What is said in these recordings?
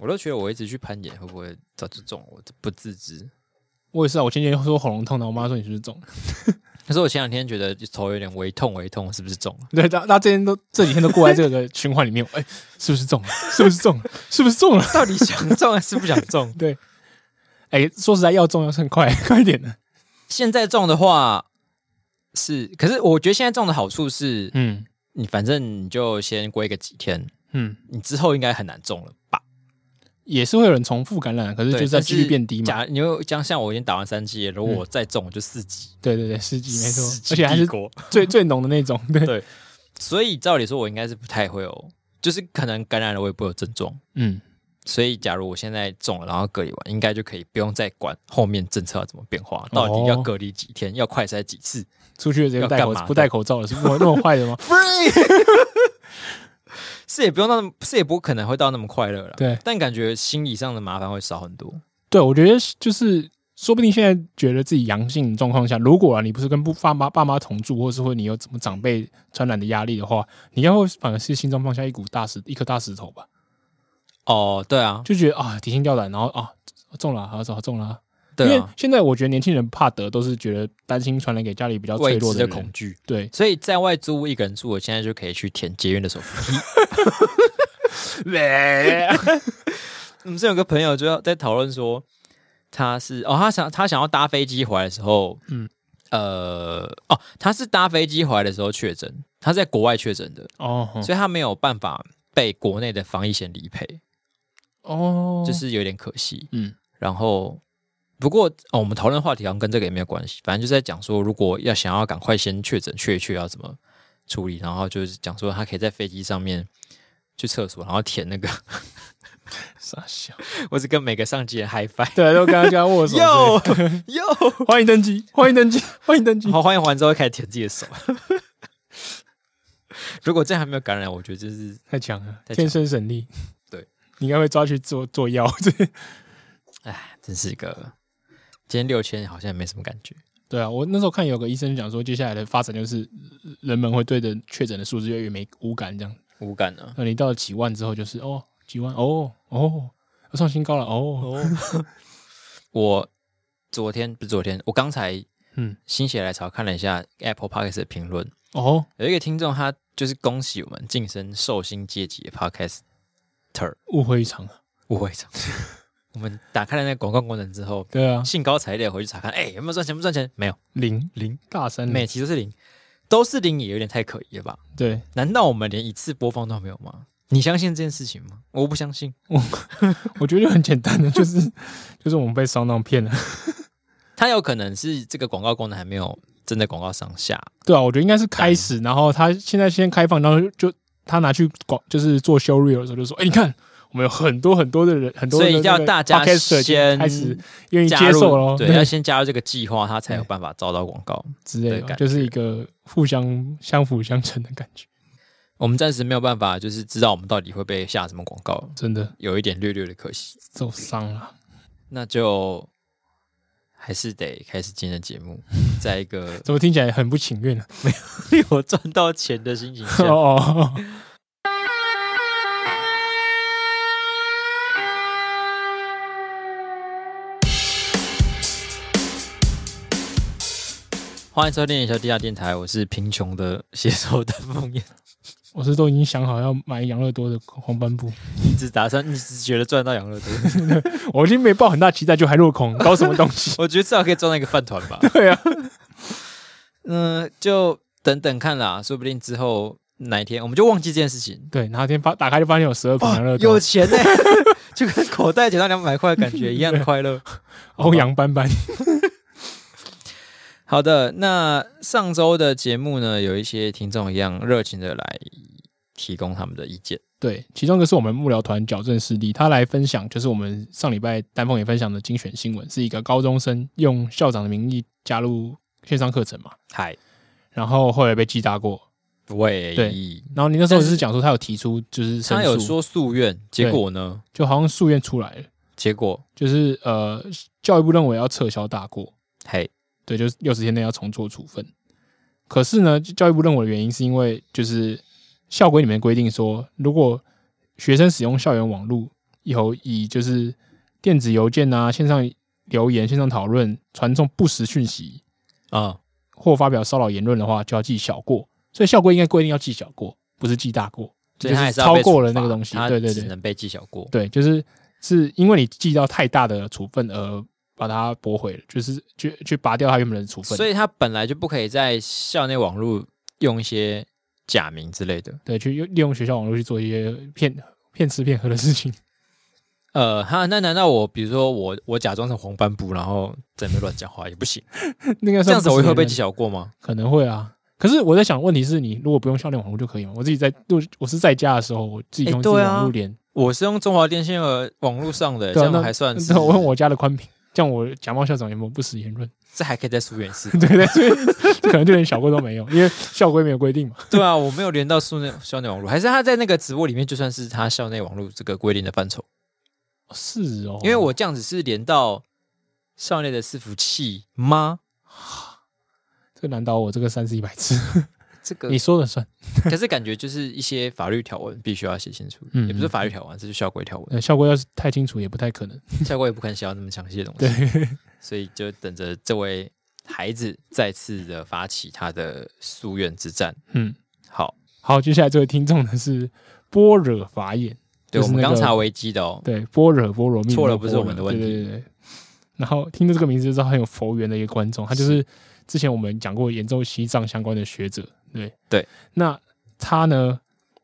我都覺得我一直去攀岩會不會早就中？我不自知。我也是啊，我今天說喉嚨痛，然後我媽說你是不是中了？ 可是我前兩天覺得就頭有點微痛，微痛是不是中了？對，那那這天都這幾天都過在這個 循環裡面，哎、欸，是不是中了？是不是中了？ 是不是中了？到底想中還是不想中？ 對，哎、欸，說實在，要中要很快， 快一點的了。現在中的話是，可是我覺得現在中的好處是，嗯，你反正你就先過一個幾天，嗯，你之後應該很難中了。也是會有人重複感染，可是就是在繼續變低嘛。假，你為像像我已經打完三劑，如果我再中，我就四劑、嗯。對對對，四劑沒錯，而且還是最 最濃的那種。對對，所以照理說，我應該是不太會有，就是可能感染了我也不會有症狀。嗯，所以假如我現在中了，然後隔離完，應該就可以不用再管後面政策要怎麼變化，到底要隔離幾天，哦、要快篩幾次，出去的時候要幹嘛，戴口罩不戴口罩的 是不那麼壞的嗎？e Free! 是也不用那麼，是也不可能會到那麼快樂了。對，但感覺心理上的麻煩會少很多。對，我覺得就是說不定現在覺得自己陽性狀況下，如果、啊、你不是跟不爸媽爸媽同住，或是會你有什麼長輩傳染的壓力的話，你要會反而是心中放下一股大石，一顆大石頭吧。哦，對啊，就覺得啊，提心吊膽，然後啊中了，好走，中了、啊。中了啊中了啊。因啊，現在我覺得年輕人怕得都是覺得擔心傳染給家裡比較脆弱的恐懼，對，所以在外租一個人住，我現在就可以去填節約的手候喂，我們這有個朋友就在討論說，他是哦，他想他想要搭飛機回來的時候，嗯，呃，哦，他是搭飛機回來的時候確診，他在國外確診的哦，所以他沒有辦法被國內的防疫險理賠，哦，就是有點可惜，嗯，然後。不過、哦，我們討論話題好像跟這個也沒有關係。反正就在講說，如果要想要趕快先確診，確確要怎麼處理，然後就是講說，他可以在飛機上面去廁所，然後舔那個傻笑。我只跟每個上機的 high five 對、啊，都跟他這樣握手，喲，歡迎登機，歡迎登機，歡迎登機。好，歡迎完之後，開始舔自己的手。 如果這樣還沒有感染，我覺得就是太強了，太強了，天生神力。對，你應該會抓去做做藥。哎，真是一個。今天六千好像也沒什麼感覺。對啊，我那時候看有個醫生講說，接下來的發展就是人們會對着確診的數字越來越沒無感這樣。無感啊，那你到了幾萬之後，就是哦幾萬哦哦，上新高了哦哦。 我昨天不是昨天，我剛才嗯心血來潮看了一下 Apple Podcast 的評論哦，嗯、有一個聽眾他就是恭喜我們晉升壽星階級的 Podcaster，誤會一場啊，誤會一場。 我們打開了那個廣告功能之後，對啊，興高采烈回去查看，哎、欸，有沒有賺錢？不賺錢？沒有，零零大三零，每期都是零，都是零，也有點太可疑了吧？對，難道我們連一次播放都沒有嗎？你相信這件事情嗎？我不相信，我我覺得就很簡單的， 就是就是我們被上當騙了。他有可能是這個廣告功能還沒有真的廣告上下，對啊，我覺得應該是開始，但然後他現在先開放，然後就他拿去廣就是做 showreel 的時候就說，哎、欸，你看。我們有很多很多的人，很多人的，所以一定要大家先開始願意接受了，對，要先加入這個計劃，他才有辦法招到廣告對之類的感覺，就是一個互相相輔相成的感覺。我們暫時沒有辦法，就是知道我們到底會被下什麼廣告，真的有一點略略的可惜，受傷了。那就還是得開始今天的節目，在一個怎麼聽起來很不情願呢？沒有賺到錢的心情下 哦，哦，哦。歡迎收聽《眼球地下電臺》，我是貧窮的寫手的鳳燕。我是都已經想好要買養樂多的黃斑布，一 直打算，一直覺得賺到養樂多 ，我已經沒抱很大期待，就還落空，搞什麼東西？ 我覺得至少可以賺到一個飯糰吧。對啊，嗯，就等等看啦，說不定之後哪一天我們就忘記這件事情。對，哪天發打，打開就發現有十二瓶養樂多。哦，有錢呢， 就跟口袋撿到兩百塊的感覺 對一樣快樂。歐陽斑斑。棒 好的，那上週的節目呢，有一些聽眾一樣熱情的來提供他們的意見。對，其中一個是我們幕僚團矯正師弟，他來分享就是我們上禮拜丹鳳也分享的精選新聞，是一個高中生用校長的名義加入線上課程嘛？嗨 Hi，然後後來被記大過。欸、對，然後你那時候是講說他有提出就是，是他有說訴願，結果呢，就好像訴願出來了，結果就是呃，教育部認為要撤銷大過。嘿、hey。對，就是六十天內要重做處分。可是呢，教育部認為的原因是因為，就是校規裡面規定說，如果學生使用校園網絡以後以就是電子郵件啊、線上留言、線上討論，傳送不實訊息啊，嗯、或發表騷擾言論的話，就要記小過。所以校規應該規定要記小過，不是記大過，嗯、就，就是超過了那個東西。對，對對對，只能被記小過。對，就是是因為你記到太大的處分而。把它駁回了，就是去去拔掉他原本的處分的，所以他本來就不可以在校內網絡用一些假名之類的，對，去用利用學校網絡去做一些騙騙吃騙喝的事情。呃，哈，那難道我比如說我我假裝成黃斑部，然後整天亂講話也不行？ 那個這樣子我會會被記小過嗎？可能會啊。可是我在想，問題是你如果不用校內網絡就可以嗎？我自己在我我是在家的時候，我自己用自己網絡連、欸啊，我是用中華電信和網絡上的，啊、這樣還算是，、啊、是我用我家的寬頻。這樣我假冒校長也沒有不實言論？這還可以在書院是？對對對， 可能就連小過都沒有，因為校規沒有規定嘛。對啊，我沒有連到校內校內網絡，還是他在那個直播裡面，就算是他校內網絡這個規定的範疇？是哦，因為我這樣子是連到校內的伺服器嗎？哈這個難倒我這個三十一百次。 你說了算，可是感覺就是一些法律條文必須要寫清楚，嗯嗯也不是法律條文，嗯、這是校規條文。校規、呃、要是太清楚，也不太可能，校規也不可能寫到那麼詳細的東西。對所以就等着這位孩子再次的發起他的夙願之戰。嗯，好好，接下來這位聽眾呢是般若法眼，對、那個、我們剛查維基的哦。對，般若波羅蜜錯了，不是我們的問題，對對對對對。然後聽到這個名字就知道很有佛緣的一個觀眾，他就是之前我們講過研究西藏相關的學者。對對，對那他呢，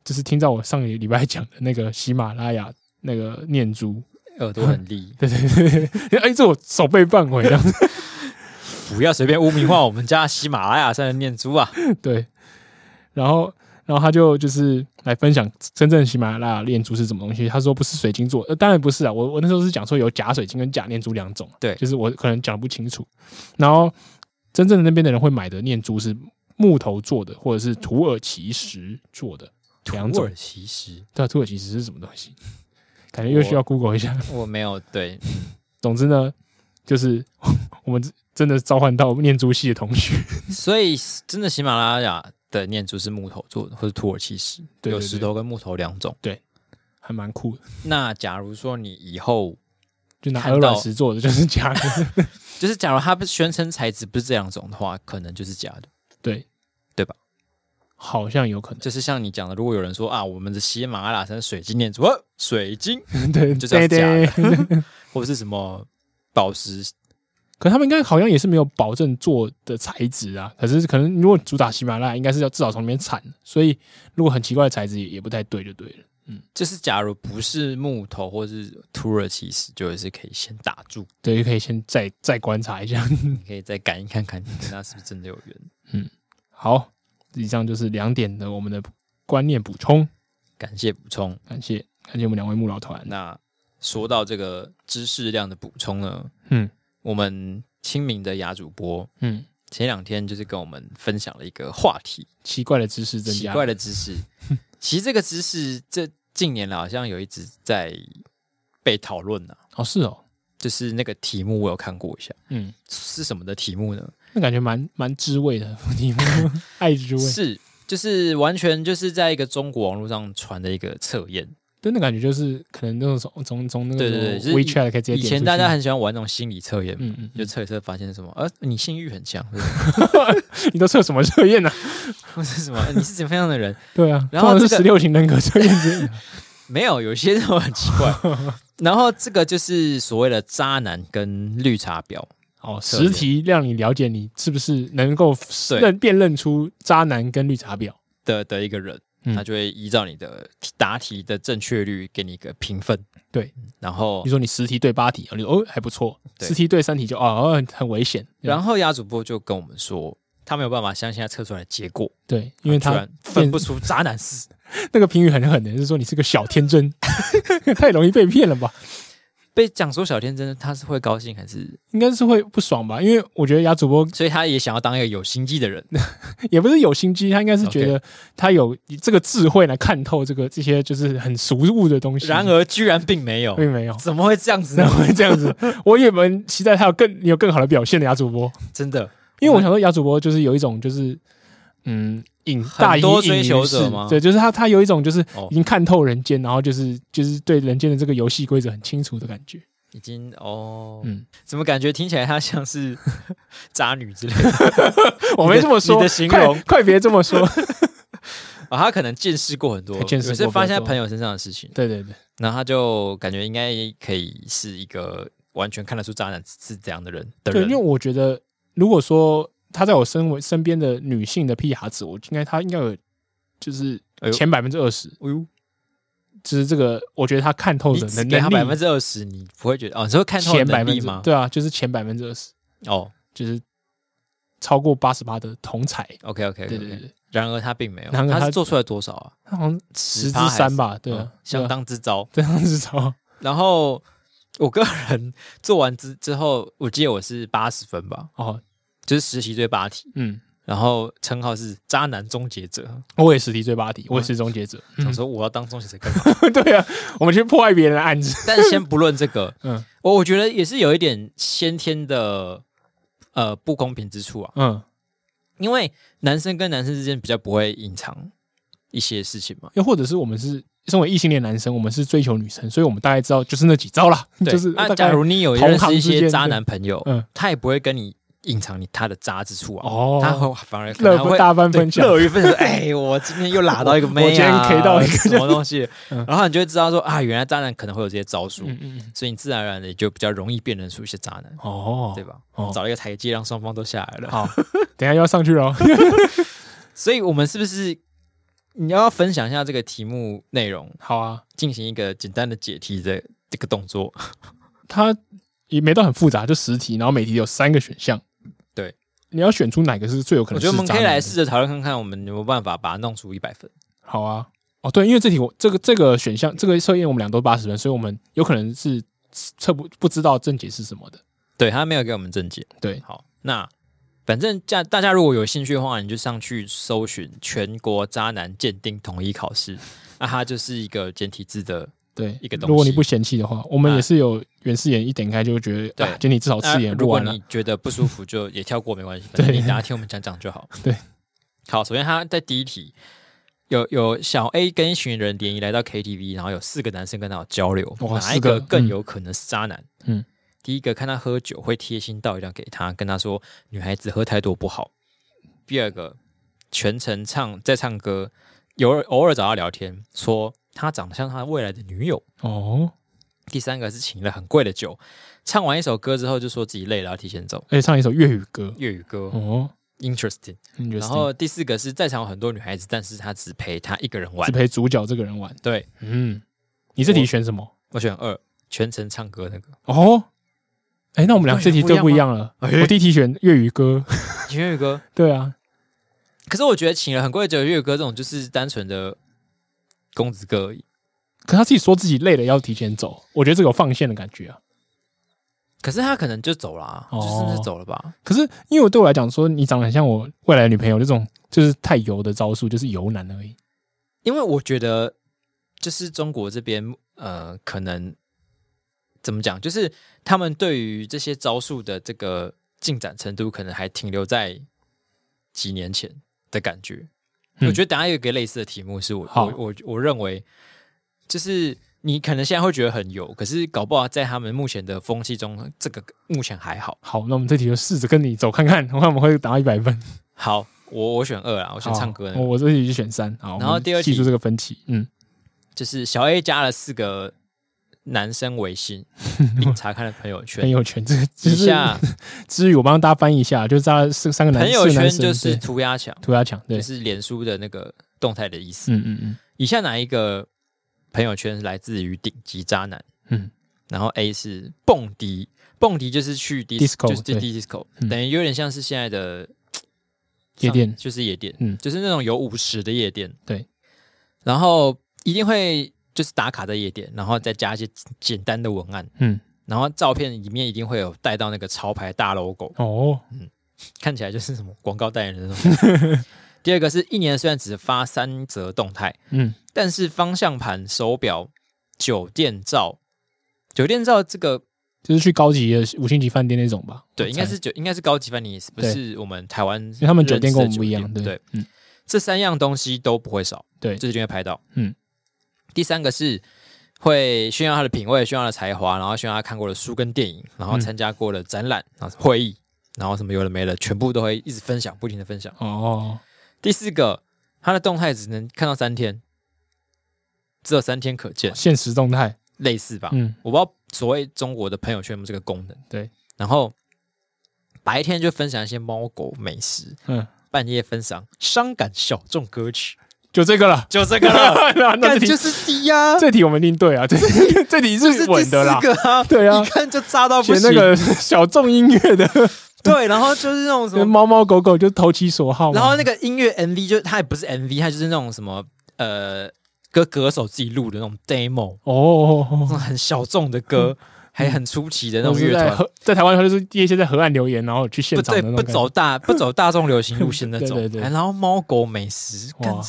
就是聽到我上個禮拜講的那個喜馬拉雅那個念珠，耳朵很利，呵呵對對對，哎、欸，這我手背半回樣子， 不要隨便污名化我們家喜馬拉雅山的念珠啊！對，然後然後他就就是來分享真正的喜馬拉雅念珠是什麼東西。他說不是水晶做，呃，當然不是啊，我我那時候是講說有假水晶跟假念珠兩種，對，就是我可能講不清楚。然後真正的那邊的人會買的念珠是。木頭做的，或者是土耳其石做的土耳其石，但、啊、土耳其石是什麼東西？感覺又需要 Google 一下我。我沒有對。總之呢，就是我們真的召喚到念珠系的同學。所以，真的喜馬拉雅的念珠是木頭做的，或者土耳其石，對對對有石頭跟木頭兩種。對，還蠻酷的。那假如說你以後看到就拿鵝卵石做的就是假的， 就是假如他不是宣稱材質不是這兩種的話，可能就是假的。對，對吧？好像有可能，就是像你講的，如果有人說啊，我們的喜馬拉雅山水晶念珠，水晶，水晶對，就這樣呵或者是什麼寶石，可他們應該好像也是沒有保證做的材質啊。可是可能如果主打喜馬拉雅，應該是要至少從裡面產，所以如果很奇怪的材質也，也不太對，就對了。嗯，就是假如不是木頭或者是土耳其石，就是可以先打住，對，可以先再再觀察一下，你可以再感應看看，那是不是真的有緣？ 嗯，好，以上就是兩點的我們的觀念補充，感謝補充，感謝感謝我們兩位幕僚團。那說到這個知識量的補充呢，嗯，我們清明的雅主播，嗯，前兩天就是跟我們分享了一個話題，奇怪，奇怪的知識，奇怪的知識，其實這個知識這近年來好像有一直在被討論呢、啊，哦是哦，就是那個題目我有看過一下，嗯，是什麼的題目呢？那感覺蠻蠻滋味的，你們 愛滋味慧是就是完全就是在一個中國網絡上傳的一個測驗，真的感覺就是可能那種從從從那個，那個對對，對、就是、以，以，以前大家很喜歡玩那種心理測驗，嗯，嗯嗯，就測一測發現什麼，呃，你性欲很強， 你都測什麼測驗呢？我是什麼、呃？你是怎麼樣的人？對啊，然後這1十六型人格測驗 沒有，有些都很奇怪。 然後這個就是所謂的渣男跟綠茶婊。哦，十題，讓你了解，你是不是能夠辨認，對認出渣男跟綠茶婊的的一個人，嗯、他就會依照你的答題的正確率給你一個評分。對，然後你說你十題對八題，哦、你說哦還不錯，對十題對三題就哦很，很危險。然後鴨主播就跟我們說，他沒有辦法相信他測出來的結果，對，因為他、啊、分不出渣男是 那個評語很狠的，就是說你是個小天真， 太容易被騙了吧。被講說小天真，他是會高興還是應該是會不爽吧？因為我覺得亞主播，所以他也想要當一個有心機的人， 也不是有心機，他應該是覺得他有這個智慧來看透這個 Okay. 這些就是很俗物的東西。然而，居然並沒有，並沒有，怎麼會這樣子呢？怎麼會這樣子？我也蠻期待他有更有更好的表現的亞主播，真的，因為我想說亞主播就是有一種就是。嗯，影大很多追求者嗎？對，就是他，他有一種就是已經看透人間，然後就是就是對人間的這個遊戲規則很清楚的感覺。已經哦，嗯，怎麼感覺聽起來他像是渣女之類的？ 我沒這麼說，你的，你的形容，快別這麼說啊、 哦！他可能見識過很多，見識過很多，是發生在朋友身上的事情。對對對，然後他就感覺應該可以是一個完全看得出渣男是怎樣的人。對，因為我覺得如果說。他在我身身身邊的女性的 PR 值，我應該他應該有就是前百分之二十。哎呦，就是這個，我覺得他看透的能力他百分之二十，你不會覺得哦？只會看透能力嗎？對啊，就是前百分之二十哦，就是超過八十八的同儕。OK OK，對對對。然而他並沒有，他是做出來多少啊？他好像十之三吧，對，相當之糟，相當之糟。然後我個人做完之之後，我記得我是八十分吧，哦。就是實習最八體，嗯，然後稱號是渣男終結者。我也實習最八體，我也是終結者。想說我要當終結者幹嘛？對呀，我們去破壞別人的案子。但先不論這個，嗯，我我覺得也是有一點先天的呃不公平之處啊，嗯，因為男生跟男生之間比較不會隱藏一些事情嘛，又或者是我們是身為異性戀男生，我們是追求女生，所以我們大概知道就是那幾招啦。對，就是，那假如你有認識一些渣男朋友，嗯，他也不會跟你。隱藏你他的渣之處啊。哦，他會反而樂不大半分，樂於分享。哎，我今天又拿到一個妹啊，我今天 K 到一個什麼東西，然後你就會知道說啊，原來渣男可能會有這些招數，所以你自然而然的也就比較容易辨認出一些渣男哦，對吧？找一個台階讓雙方都下來了。好，等下又要上去了。所以我們是不是你要分享一下這個題目內容？好啊，進行一個簡單的解題的這個動作，它也沒到很複雜，就十題，然後每題有三個選項。你要選出哪個是最有可能的？我覺得我們可以來試着討論看看，我們有沒有辦法把它弄出一百分。好啊，哦對，因為這題我這個這個選項這個測驗我們倆都八十分，所以我們有可能是測不不知道正解是什麼的。對，他沒有給我們正解。對，好，那反正家大家如果有興趣的話，你就上去搜尋全國渣男鑑定統一考試，那它就是一個簡體字的。對一個東西，如果你不嫌棄的話，啊、我們也是有遠視眼，一點開就會覺得，對、啊、你至少刺眼、呃。如果你覺得不舒服，就也跳過沒關係。 對反正你等下聽我們講講就好。對，好，首先他在第一題，有有小 A 跟一群人聯誼來到 KTV，然後有四個男生跟他有交流，哇哪一個更有可能、哦、是渣男？嗯，第一個看他喝酒會貼心倒飲料給他，跟他說女孩子喝太多不好。第二個全程唱在唱歌，有，偶爾找他聊天說。他長得像他未來的女友哦。第三個是請了很貴的酒，唱完一首歌之後就說自己累了，要提前走，可以、欸、唱一首粵語歌。粵語歌、嗯、粵語歌哦，interesting。Interesting。然後第四個是在場有很多女孩子，但是他只陪他一個人玩，只陪主角這個人玩。對，嗯，你這題選什麼？我，我選二，全程唱歌那個。哦，哎、欸，那我們兩這題就不一樣了。欸、我第一題選粵語歌，粵語歌， 對啊。可是我覺得請了很貴的酒，粵語歌這種就是單純的。公子哥而已，可他自己說自己累了，要提前走。我覺得這個有放線的感覺啊，可是他可能就走了，哦、就是走了吧。可是，因為我對我來講說，你長得很像我未來的女朋友，這種就是太油的招數，就是油男而已。因為我覺得，就是中國這邊，呃，可能怎麼講，就是他們對於這些招數的這個進展程度，可能還停留在幾年前的感覺。嗯、我覺得等下有一個類似的題目，是我好我我我認為，就是你可能現在會覺得很油，可是搞不好在他們目前的風氣中，這個目前還好。好，那我們這題就試着跟你走看看，我看我們會達到一百分。好，我我選二啦，我選唱歌。我這題就選三。好，然後第二題記住這個分題。嗯，就是小 A 加了四個。男生微信，你查看了朋友圈、朋友圈，這以下至於。我幫大家翻譯一下，就是三三個男生朋友圈，就是塗鴉牆，塗鴉牆就是臉書的那個動態的意思。嗯嗯嗯。以下哪一個朋友圈是來自於頂級渣男？嗯。然後 A 是蹦迪，蹦迪就是去 DISCO，就是去 DISCO 等於有點像是現在的夜店，就是夜店，嗯，就是那種有舞池的夜店，對。然後一定會。就是打卡的夜店，然後再加一些簡單的文案，嗯，然後照片裡面一定會有帶到那個潮牌大 logo 哦嗯，看起來就是什麼廣告代言人那種呵呵。第二個是一年雖然只發三則動態，嗯，但是方向盤、手錶、酒店照、酒店照這個就是去高級的五星級飯店那種吧？對，我猜應該是酒，應該是高級飯店，是不是我們台灣，因為他們酒店跟我們不一樣，對，嗯，這三樣東西都不會少，對，這就應該拍到，嗯。第三個是會炫耀他的品味，炫耀他的才華，然後炫耀他看過的書跟電影，然後參加過的展覽、啊、嗯、會議，然後什麼有的沒的，全部都會一直分享，不停的分享。哦。第四個，他的動態只能看到三天，只有三天可見，限時動態類似吧？嗯。我不知道所謂中國的朋友圈有沒有這個功能。對。然後白天就分享一些貓狗美食，嗯，半夜分享傷感小眾歌曲。就這個了，就這個了。那題就是低呀，這題我們一定對啊，這題 這題是穩的啦。對啊，一看就炸到不行。那個小眾音樂的， 對，然後就是那種什麼貓貓狗狗，就投其所好。然後那個音樂 MV 就它也不是 MV，它就是那種什麼呃，歌歌手自己錄的那種 demo 哦，那種很小眾的歌，還很出奇的那種樂團。在台灣的話，就是一些在河岸留言，然後去現場的那種感覺。對，不走大不走大眾流行路線那種，哎，對對、對。然後貓狗美食哇。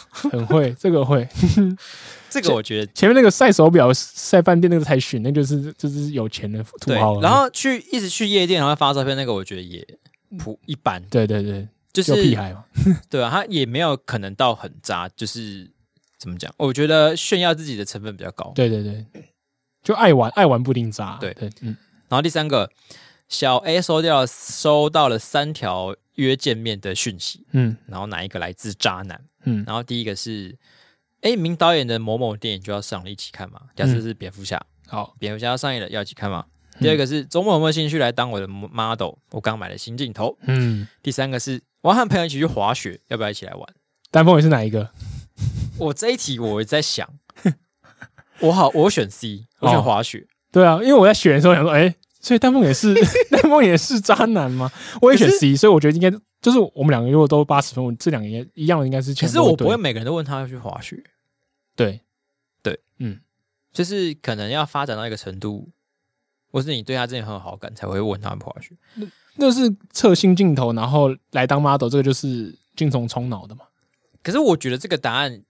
很會，這個會， 這個我覺得前面那個曬手錶、曬飯店那個才炫，那就是就是有錢的土豪。然後去一直去夜店，然後發照片那個，我覺得也普一般。對對對，就是有屁孩嘛。對啊，他也沒有可能到很渣，就是怎麼講？我覺得炫耀自己的成分比較高。對對對，就愛玩愛玩布丁渣。對對嗯。然後第三個小 A 收到收到了三條約見面的訊息，嗯，然後哪一個來自渣男？嗯，然後第一個是，哎、欸，名導演的某某電影就要上了，一起看嘛。假設是蝙蝠俠，好、嗯，蝙蝠俠要上映了，要一起看嘛。嗯、第二個是，周末有沒有興趣來當我的 model？我剛買了新鏡頭，嗯。第三個是，我要和朋友一起去滑雪，要不要一起來玩？丹峰也是哪一個？我這一題我在想，我好，我選 C，我選滑雪。哦、對啊，因為我在選的時候想說，哎、欸，所以丹峰也是， 丹峰也是渣男嗎？我也選 C，是所以我覺得應該。就是我們兩個如果都八十分，這兩個一樣應該是。可是我不會每個人都問他要去滑雪，對對，嗯，就是可能要發展到一個程度，或是你對他真的很有好感，才會問他滑雪。那，那是測新鏡頭，然後來當 model，這個就是精蟲衝腦的嘛。可是我覺得這個答案，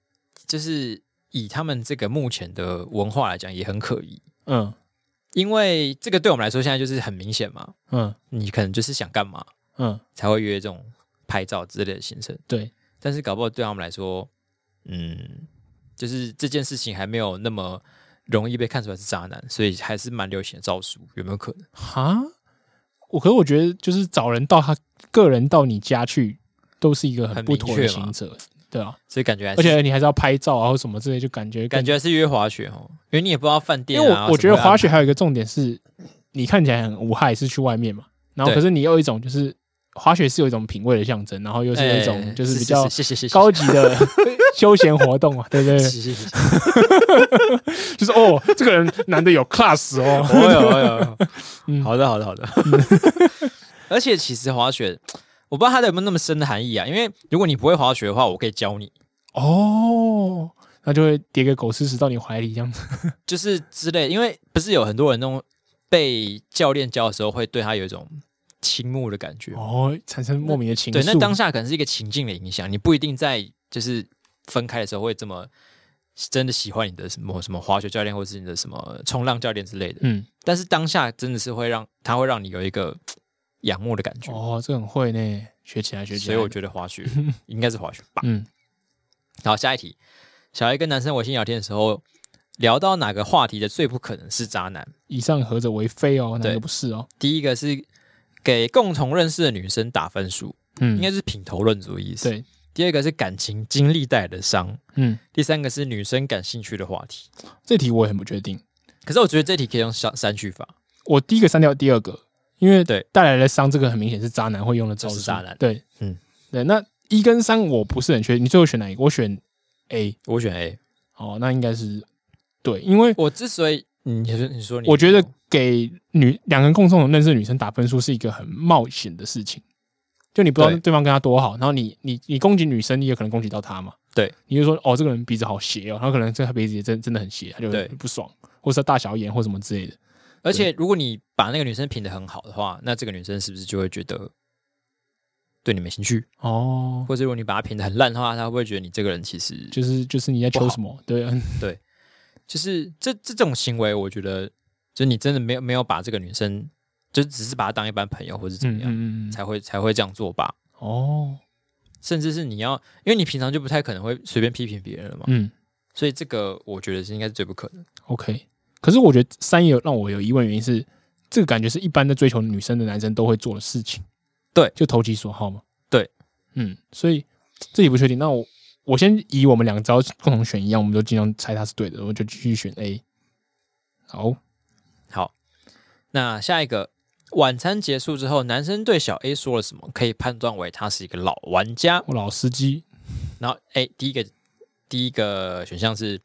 就是以他們這個目前的文化來講，也很可疑。嗯，因為這個對我們來說，現在就是很明顯嘛。嗯，你可能就是想幹嘛？嗯，才會約這種拍照之類的行程。對，但是搞不好對他們來說，嗯，就是這件事情還沒有那麼容易被看出來是渣男，所以還是蠻流行的招數，有沒有可能？哈，我可是我覺得，就是找人到他個人到你家去，都是一個很不妥的行程，對啊，所以感覺還是。而且你還是要拍照啊或什麼之類，就感覺感覺還是約滑雪哦，因為你也不知道飯店啊，因為我我覺得滑雪還有一個重點是你看起來很無害，是去外面嘛，然後可是你有一種就是。滑雪是有一種品味的象徵，然後又是一種就是比較高級的休閒活動啊，對不對？是是是是 就是哦，這個人男的有 class 哦，哎有哎有，有，好的好的好的，嗯、而且其實滑雪，我不知道它有沒有那麼深的含義啊，因為如果你不會滑雪的話，我可以教你哦，那就會跌個狗吃屎，到你懷裡這樣子，就是之類，因為不是有很多人那種，被教練教的時候會對他有一種。傾慕的感覺哦，產生莫名的情愫。對，那當下可能是一個情境的影響，你不一定在就是分開的時候會這麼真的喜歡你的什麼什麼滑雪教練，或者是你的什麼衝浪教練之類的。嗯，但是當下真的是會讓它會讓你有一個仰慕的感覺哦，這很會呢，學起來學起來。所以我覺得滑雪應該是滑雪吧。嗯，好，下一題，小 A 跟男生微信聊天的時候聊到哪個話題的最不可能是渣男？以上何者為非哦，對哪個不是哦？第一個是，給共同認識的女生打分數，嗯，應該是品頭論足的意思。對，第二個是感情經歷帶來的傷，嗯，第三個是女生感興趣的話題。這題我也很不確定，可是我覺得這題可以用刪去法。我第一個刪掉第二個，因為對帶來的傷這個很明顯是渣男會用的招數。渣男，對，嗯，對。那一跟三我不是很確定，你最後選哪一個？我選 A，我選 A。哦，那應該是對，因為我之所以你你說你我覺得。給女兩個人共同認識的女生打分數是一個很冒險的事情，就你不知道對方跟他多好，對然後你你你攻擊女生，你也可能攻擊到他嘛。對，你就說哦，這個人鼻子好斜哦，然後可能這個鼻子也真真的很斜，他就不爽，對或是大小眼或什麼之類的。而且，如果你把那個女生評得很好的話，那這個女生是不是就會覺得對你沒興趣？哦，或者如果你把她評得很爛的話，她會不會覺得你這個人其實就是就是你在求什麼？對好對，對 就是這這種行為，我覺得。就你真的沒有沒有把這個女生，就只是把她當一般朋友或者怎麼樣，嗯嗯嗯，才會才會這樣做吧？哦，甚至是你要，因為你平常就不太可能會隨便批評別人了嘛。嗯，所以這個我覺得是應該是最不可能。OK，可是我覺得三也有讓我有疑問，原因是這個感覺是一般的追求女生的男生都會做的事情。對，就投其所好嘛。對，嗯，所以這裡不確定。那我我先以我們兩招共同選一樣，我們就盡量猜他是對的，我就繼續選 A。好。那下一個晚餐結束之後，男生對小 A 說了什麼，可以判斷為他是一個老玩家、我老司機。然後誒、欸，第一個第一個選項是，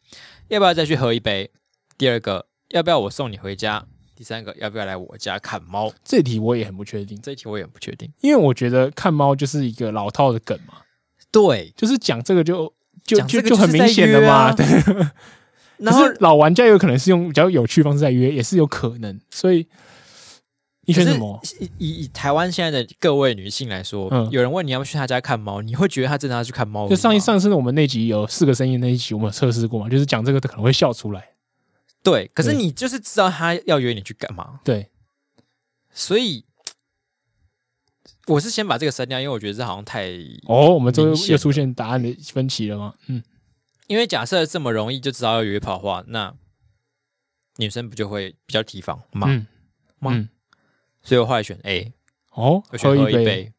要不要再去喝一杯？第二個要不要我送你回家？第三個要不要來我家看貓？這題我也很不確定，這題我也很不確定，因為我覺得看貓就是一個老套的梗嘛。對，就是講這個就就就就就很明顯的嘛。對然是老玩家，有可能是用比較有趣的方式在約，也是有可能。所以你選什麼？以以台灣現在的各位女性來說，嗯、有人問你要不要去他家看貓，你會覺得真正要去看貓。就上一上次我們那集有四個聲音，那一集我們測試過嘛，就是講這個的可能會笑出來。對，可是你就是知道他要約你去幹嘛？對，所以我是先把這個刪掉，因為我覺得這好像太……哦，我們這又出現答案的分歧了嗎？嗯。因為假設這麼容易就知道要約炮的話，那女生不就會比較提防嗎？嗯，嗯，所以我後來選 A 哦，我選喝一杯，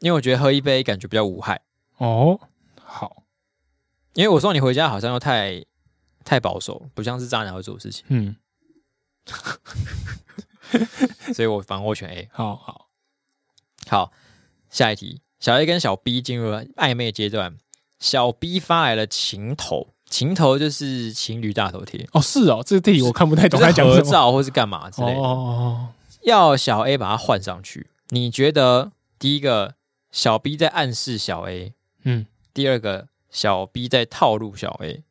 因為我覺得喝一杯感覺比較無害哦。好，因為我送你回家好像又太太保守，不像是渣男會做的事情。嗯， 所以我反而我選 A。好好好，下一題，小 A 跟小 B 進入了曖昧階段。小 B 發來了情頭，情頭就是情侶大頭貼。哦，是哦，這個字我看不太懂，他講的是合照或是幹嘛之類的。哦，哦哦哦。要小 A 把它換上去。你覺得第一個小 B 在暗示小 A，嗯，第二個小 B 在套路小 A。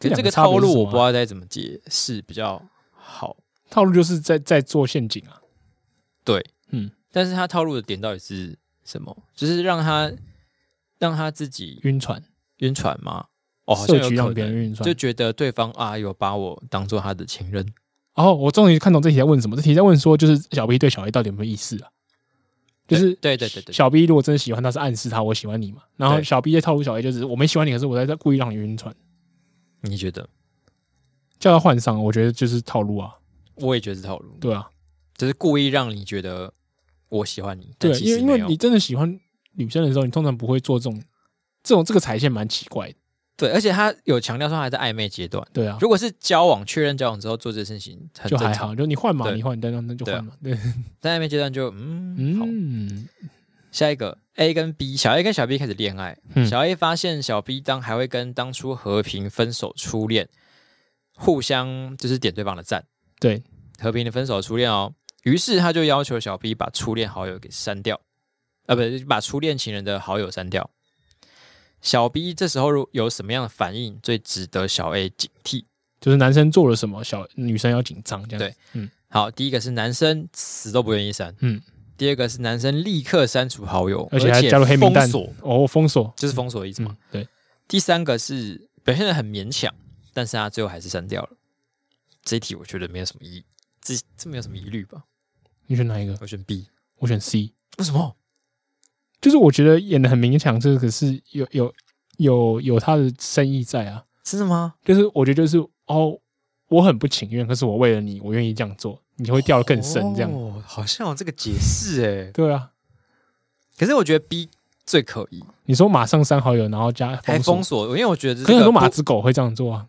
這個套路兩個不、啊、我不知道該怎麼解釋比較好。套路就是在在做陷阱啊。對，嗯。但是他套路的點到底是什麼？就是讓他讓他自己暈船。暈船嗎？哦，就去讓別人暈船，就覺得對方啊有把我當做他的情人。然後、哦、我終於看懂這題在問什麼。這題在問說，就是小 B 對小 A 到底有沒有意思啊？就是對對對對。小 B 如果真的喜歡，他是暗示他我喜歡你嘛？然後小 B 的套路小 A 就是我沒喜歡你，可是我在故意讓你暈船。你覺得？叫他換上，我覺得就是套路啊。我也覺得是套路。對啊，只是故意讓你覺得我喜歡你。對，因為因為你真的喜歡女生的時候，你通常不會做這種。這種這個踩線蠻奇怪的，對，而且他有強調說他還在曖昧階段，對啊。如果是交往確認交往之後做這件事情很正常，就還好，就你換嘛，對你換，那那那就換嘛。對啊、對在曖昧階段就嗯，嗯好。下一個 A 跟 B，小 A 跟小 B 開始戀愛，嗯、小 A 發現小 B 當還會跟當初和平分手初戀互相就是點對方的讚，對，和平的分手初戀哦。於是他就要求小 B 把初戀好友給刪掉，啊、呃，不，把初戀情人的好友刪掉。小 B 這時候如有什麼樣的反應最值得小 A 警惕？就是男生做了什麼小女生要緊張這樣。對，嗯，好，第一個是男生死都不願意刪，嗯，第二個是男生立刻刪除好友，而且還加入黑名單，哦，封鎖，就是封鎖的意思嘛。嗯、對，第三個是表現得很勉強，但是他最後還是刪掉了。這一題我覺得沒有什麼疑，這這沒有什麼疑慮吧？你選哪一個？我選 B，我選 C，為什麼？就是我覺得演的很勉強，這個可是有有有有他的深意在啊。是嗎？就是我覺得就是哦，我很不情願，可是我為了你，我願意這樣做，你會掉得更深這樣。哦，好像有這個解釋哎、欸，對啊。可是我覺得 B 最可疑。你說馬上刪好友，然後加封鎖還封鎖，因為我覺得這可能很多馬子狗會這樣做啊。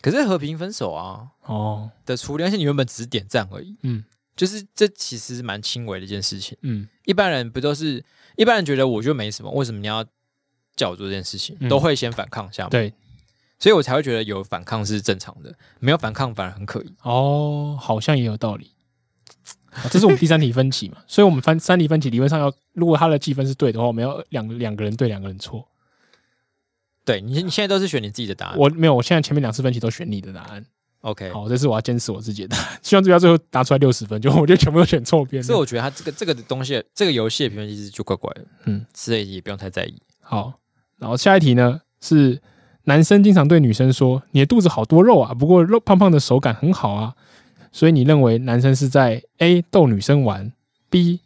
可是和平分手啊，哦的初戀，而且你原本只是點讚而已，嗯。就是這其實蠻輕微的一件事情，嗯，一般人不都是，一般人覺得我就沒什麼，為什麼你要叫我做這件事情？都會先反抗一下，對，所以我才會覺得有反抗是正常的，沒有反抗反而很可疑、嗯。以反反可疑哦，好像也有道理、啊，這是我們第三題分歧嘛， 所以我們翻，三題分歧理論上要，如果他的計分是對的話，我們要兩兩個人對，兩個人錯。對，你你現在都是選你自己的答案，我沒有，我現在前面兩次分歧都選你的答案。OK，好，這是我要堅持我自己的，希望至少最後答出來六十分，就我就全部都選錯邊。所以我覺得他這個這個東西，這個遊戲的評分其實就怪怪的，嗯，所以也不用太在意。好，然後下一題呢是，男生經常對女生說，你的肚子好多肉啊，不過肉胖胖的手感很好啊，所以你認為男生是在 A 逗女生玩，B。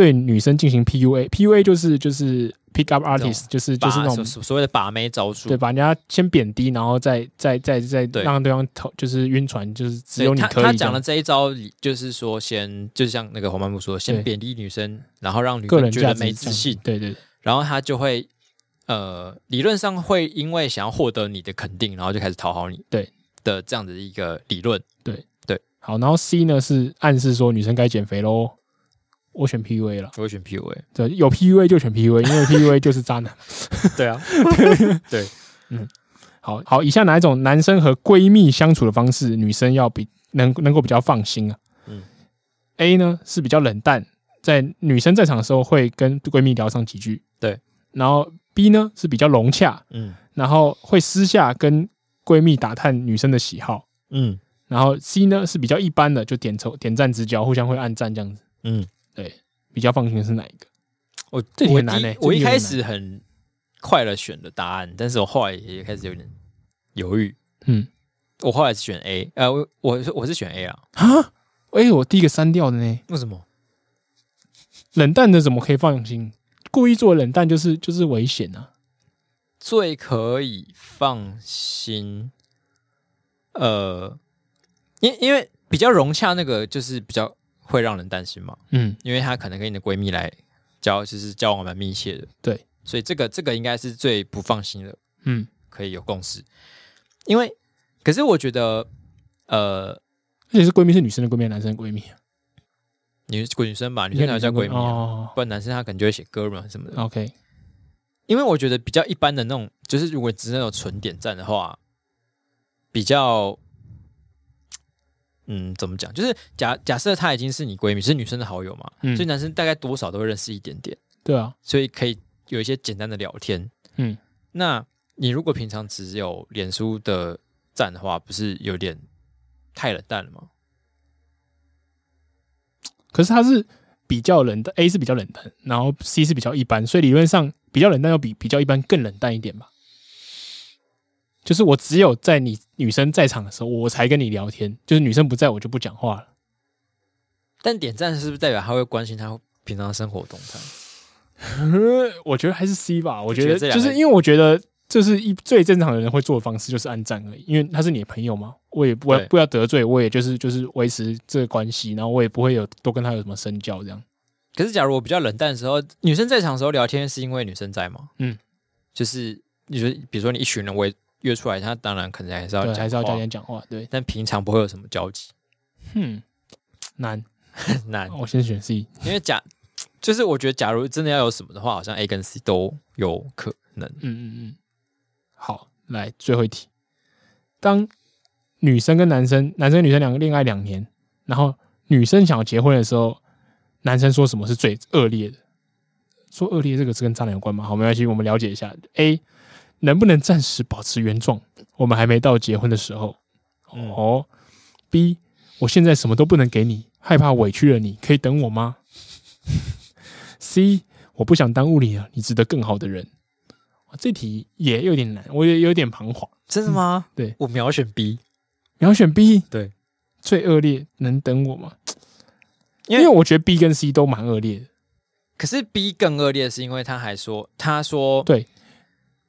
對女生進行 PUA，PUA 就是就是 pick up artist，種就是就是那種所,所謂的把妹招數，對，把人家先貶低，然後再再再再對讓對方討就是暈船，就是只有你可以他他講的這一招，就是說先就是像那個黃半部說，先貶低女生，對然後讓女生覺得沒自信，對對，然後他就會呃，理論上會因為想要獲得你的肯定，然後就開始討好你，對的這樣的一個理論，對對，對對好，然後 C 呢是暗示說女生該減肥咯。我選 P U A 了，我選 P U A。對，有 P U A 就選 P U A，因為 P U A 就是渣男。 對啊，對，嗯，好，好，以下哪一種男生和閨蜜相處的方式，女生要比能能夠比較放心啊？嗯，A 呢是比較冷淡，在女生在場的時候會跟閨蜜聊上幾句，對。然後 B 呢是比較融洽，嗯，然後會私下跟閨蜜打探女生的喜好，嗯。然後 C 呢是比較一般的，就點頭、點讚之交，互相會按讚這樣子，嗯。對，比較放心的是哪一個？我這裡很難呢。我一，我一開始很快了選，選的答案，但是我後來也開始有點猶豫。嗯，我後來是選 A，啊、呃，我我我是選 A 啊。啊？哎，我第一個刪掉的呢？為什麼？冷淡的怎麼可以放心？故意做冷淡就是就是危險啊！最可以放心，呃，因為因為比較融洽，那個就是比較。會讓人擔心嗎？嗯，因為她可能跟你的閨蜜來交，其、就是交往蠻密切的。對，所以這個這個應該是最不放心的。嗯，可以有共識，因為可是我覺得，呃，你是閨蜜是女生的閨蜜，男生的閨蜜，女、女生吧？女生，女生叫閨蜜啊，哦、不然男生他可能就會寫哥們什麼的。OK，因為我覺得比較一般的那種，就是如果只是那種純點讚的話，比較。嗯，怎麼講？就是假假設她已經是你閨蜜，是女生的好友嘛，嗯、所以男生大概多少都會認識一點點。對啊，所以可以有一些簡單的聊天。嗯，那你如果平常只有臉書的讚的話，不是有點太冷淡了嗎？可是他是比較冷淡，A 是比較冷淡，然後 C 是比較一般，所以理論上比較冷淡要比比較一般更冷淡一點吧。就是我只有在你女生在場的時候，我才跟你聊天。就是女生不在我就不講話了。但點讚是不是代表他會關心他平常的生活動態？ 我覺得還是 C 吧。我覺得就是因為我覺得就是一最正常的人會做的方式，就是按讚而已。因為他是你的朋友嘛，我也不不要得罪，對我也就是就是維持這個關係。然後我也不會有多跟他有什麼深交這樣。可是假如我比較冷淡的時候，女生在場的時候聊天是因為女生在嗎？嗯，就是你覺得，比如說你一群人，我也。約出來，他當然可能還是要對，還是要加點講話。對，但平常不會有什麼交集。哼、嗯，難 難。我先選 C，因為假就是我覺得，假如真的要有什麼的話，好像 A 跟 C 都有可能。嗯嗯嗯。好，來最後一題。當女生跟男生，男生跟女生兩個戀愛兩年，然後女生想要結婚的時候，男生說什麼是最惡劣的？說惡劣這個是跟渣男有關嗎？好，沒關係，我們了解一下。A 能不能暫時保持原狀？我們還沒到結婚的時候。哦、嗯 Oh，B，我現在什麼都不能給你，害怕委屈了你，可以等我嗎 ？C，我不想耽誤你了，你值得更好的人。這題也有點難，我也有點彷徨。真的嗎？嗯、對，我秒選 B，秒選 B。秒選 B，對，最惡劣，能等我嗎？因為，因為我覺得 B 跟 C 都蠻惡劣的，可是 B 更惡劣，是因為他還說，他說對。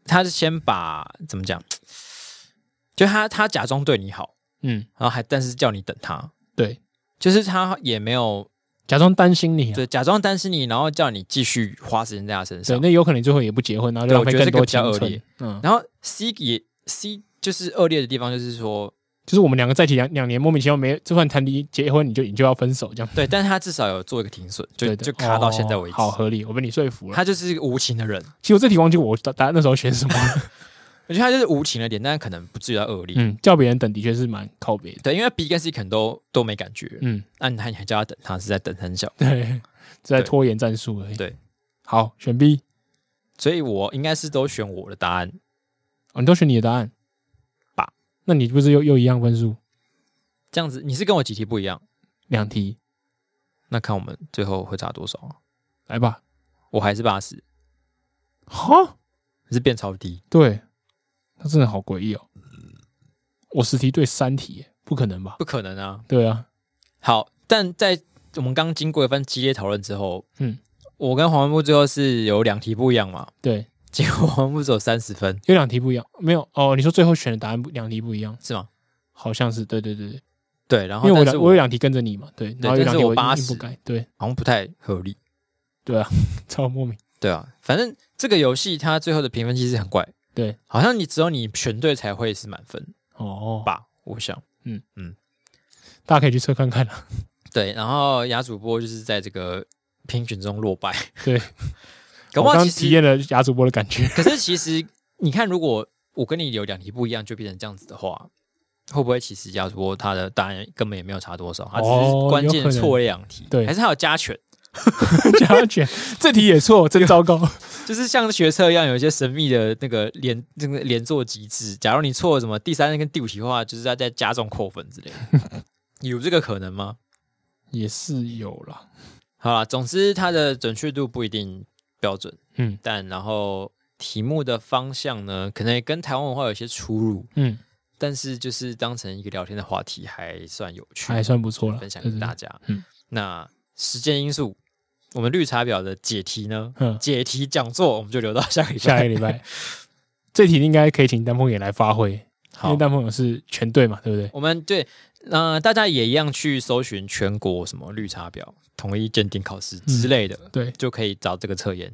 他是先把怎麼講？就他他假裝對你好，嗯，然後還但是叫你等他，對，就是他也沒有假裝擔心你，啊，對，假裝擔心你，然後叫你繼續花時間在他身上，那有可能最後也不結婚，然後浪費更多青春。嗯，然後 C 也 C 就是惡劣的地方，就是說。就是我們兩個在一起兩兩年，莫名其妙沒，就算談離結婚，你就你就要分手這樣。對，但是他至少有做一個停損，就對的就卡到現在為止、哦，好合理。我被你說服了。他就是一個無情的人。其實我這題忘記我答那時候選什麼 我覺得他就是無情了點，但可能不至於到惡劣。嗯，叫別人等的確是蠻靠北的。對，因為 B 跟 C 可能都都沒感覺。嗯，那你還你還叫他等，他是在等很久，對，只在拖延戰術而已。對，對好，選 B。所以我應該是都選我的答案。哦，你都選你的答案。那你不是又又一樣分數？這樣子你是跟我幾題不一樣？兩題？那看我們最後會差多少啊？來吧，我還是八十。哈？是變超低？對，他真的好詭異哦。我十題對三題欸，不可能吧？不可能啊！對啊。好，但在我們剛經過一番激烈討論之後，嗯，我跟黃文波最後是有兩題不一樣嘛？對。結果我們不只有三十分，有兩題不一樣，沒有哦。你說最後選的答案兩題不一樣是嗎？好像是對對對對，對。然後因為我有兩題跟着你嘛，對。就是我有八十，對，好像不太合理。對啊，超莫名。對啊，反正這個遊戲它最後的評分其實很怪。對，好像你只有你選對才會是滿分哦吧？我想，嗯嗯，大家可以去測看看啦。對，然後亞主播就是在這個評選中落敗。對。剛剛體驗了假主播的感覺。可是其實你看，如果我跟你有兩題不一樣，就變成這樣子的話，會不會其實假主播他的答案根本也沒有差多少？他只是關鍵錯了兩題，哦，對，還是還有加權？ 加權全 這題也錯，真糟糕！就，就是像學車一樣，有一些神秘的那個連那個連坐機制。假如你錯什麼第三跟第五題的話，就是要再加重扣分之類的。有這個可能嗎？也是有啦。好啦，總之它的準確度不一定。標準，嗯，但然後題目的方向呢，可能也跟台灣文化有些出入，嗯，但是就是當成一個聊天的話題，還算有趣，還算不錯了，分享給大家。就是、嗯，那時間因素，我們綠茶婊的解題呢，哼解題講座我們就留到下禮下一個禮拜。 這題應該可以請丹鳳眼來發揮，好因為丹鳳眼是全對嘛，對不對？我們對。那、呃、大家也一樣去搜尋全國什麼綠茶婊統一鑑定考試之類的，嗯、對，就可以找這個測驗。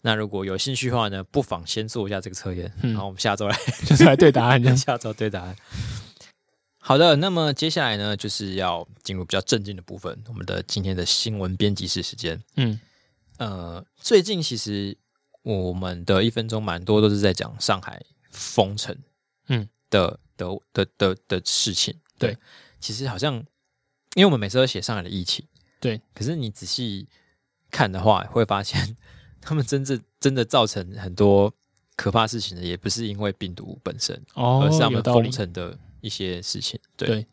那如果有興趣的話呢，不妨先做一下這個測驗。嗯、然後我們下周來就是來對答案，就下周對答案。嗯、好的，那麼接下來呢，就是要進入比較正經的部分，我們的今天的新聞編輯室時間。嗯，呃，最近其實我們的一分鐘蠻多都是在講上海封城，嗯的的的的的事情，對。對。其實好像，因為我們每次都寫上海的疫情，對，可是你仔細看的話，會發現他們真正真的造成很多可怕事情的，也不是因為病毒本身，哦，而是他們封城的一些事情，對。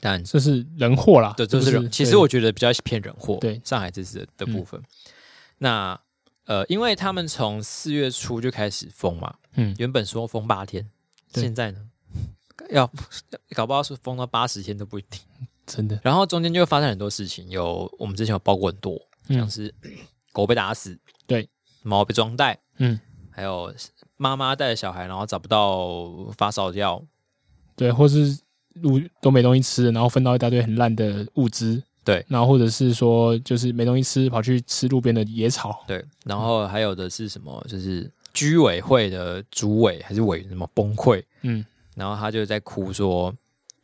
但這是人禍啦，對，都是人。其實我覺得比較偏人禍，對，上海這次的部分。那呃，因為他們從四月初就開始封嘛，嗯，原本說封八天，現在呢？要搞不好是封到八十天都不一定，真的。然後中間就會發生很多事情，有我們之前有報過很多，像是狗被打死，對、嗯；貓被裝袋，嗯；還有媽媽帶着小孩，然後找不到發燒藥，對；或是路都沒東西吃，然後分到一大堆很爛的物資，對；然後或者是說就是沒東西吃，跑去吃路邊的野草，對；然後還有的是什麼，就是居委會的主委還是委員什麼崩潰，嗯。然後他就在哭說，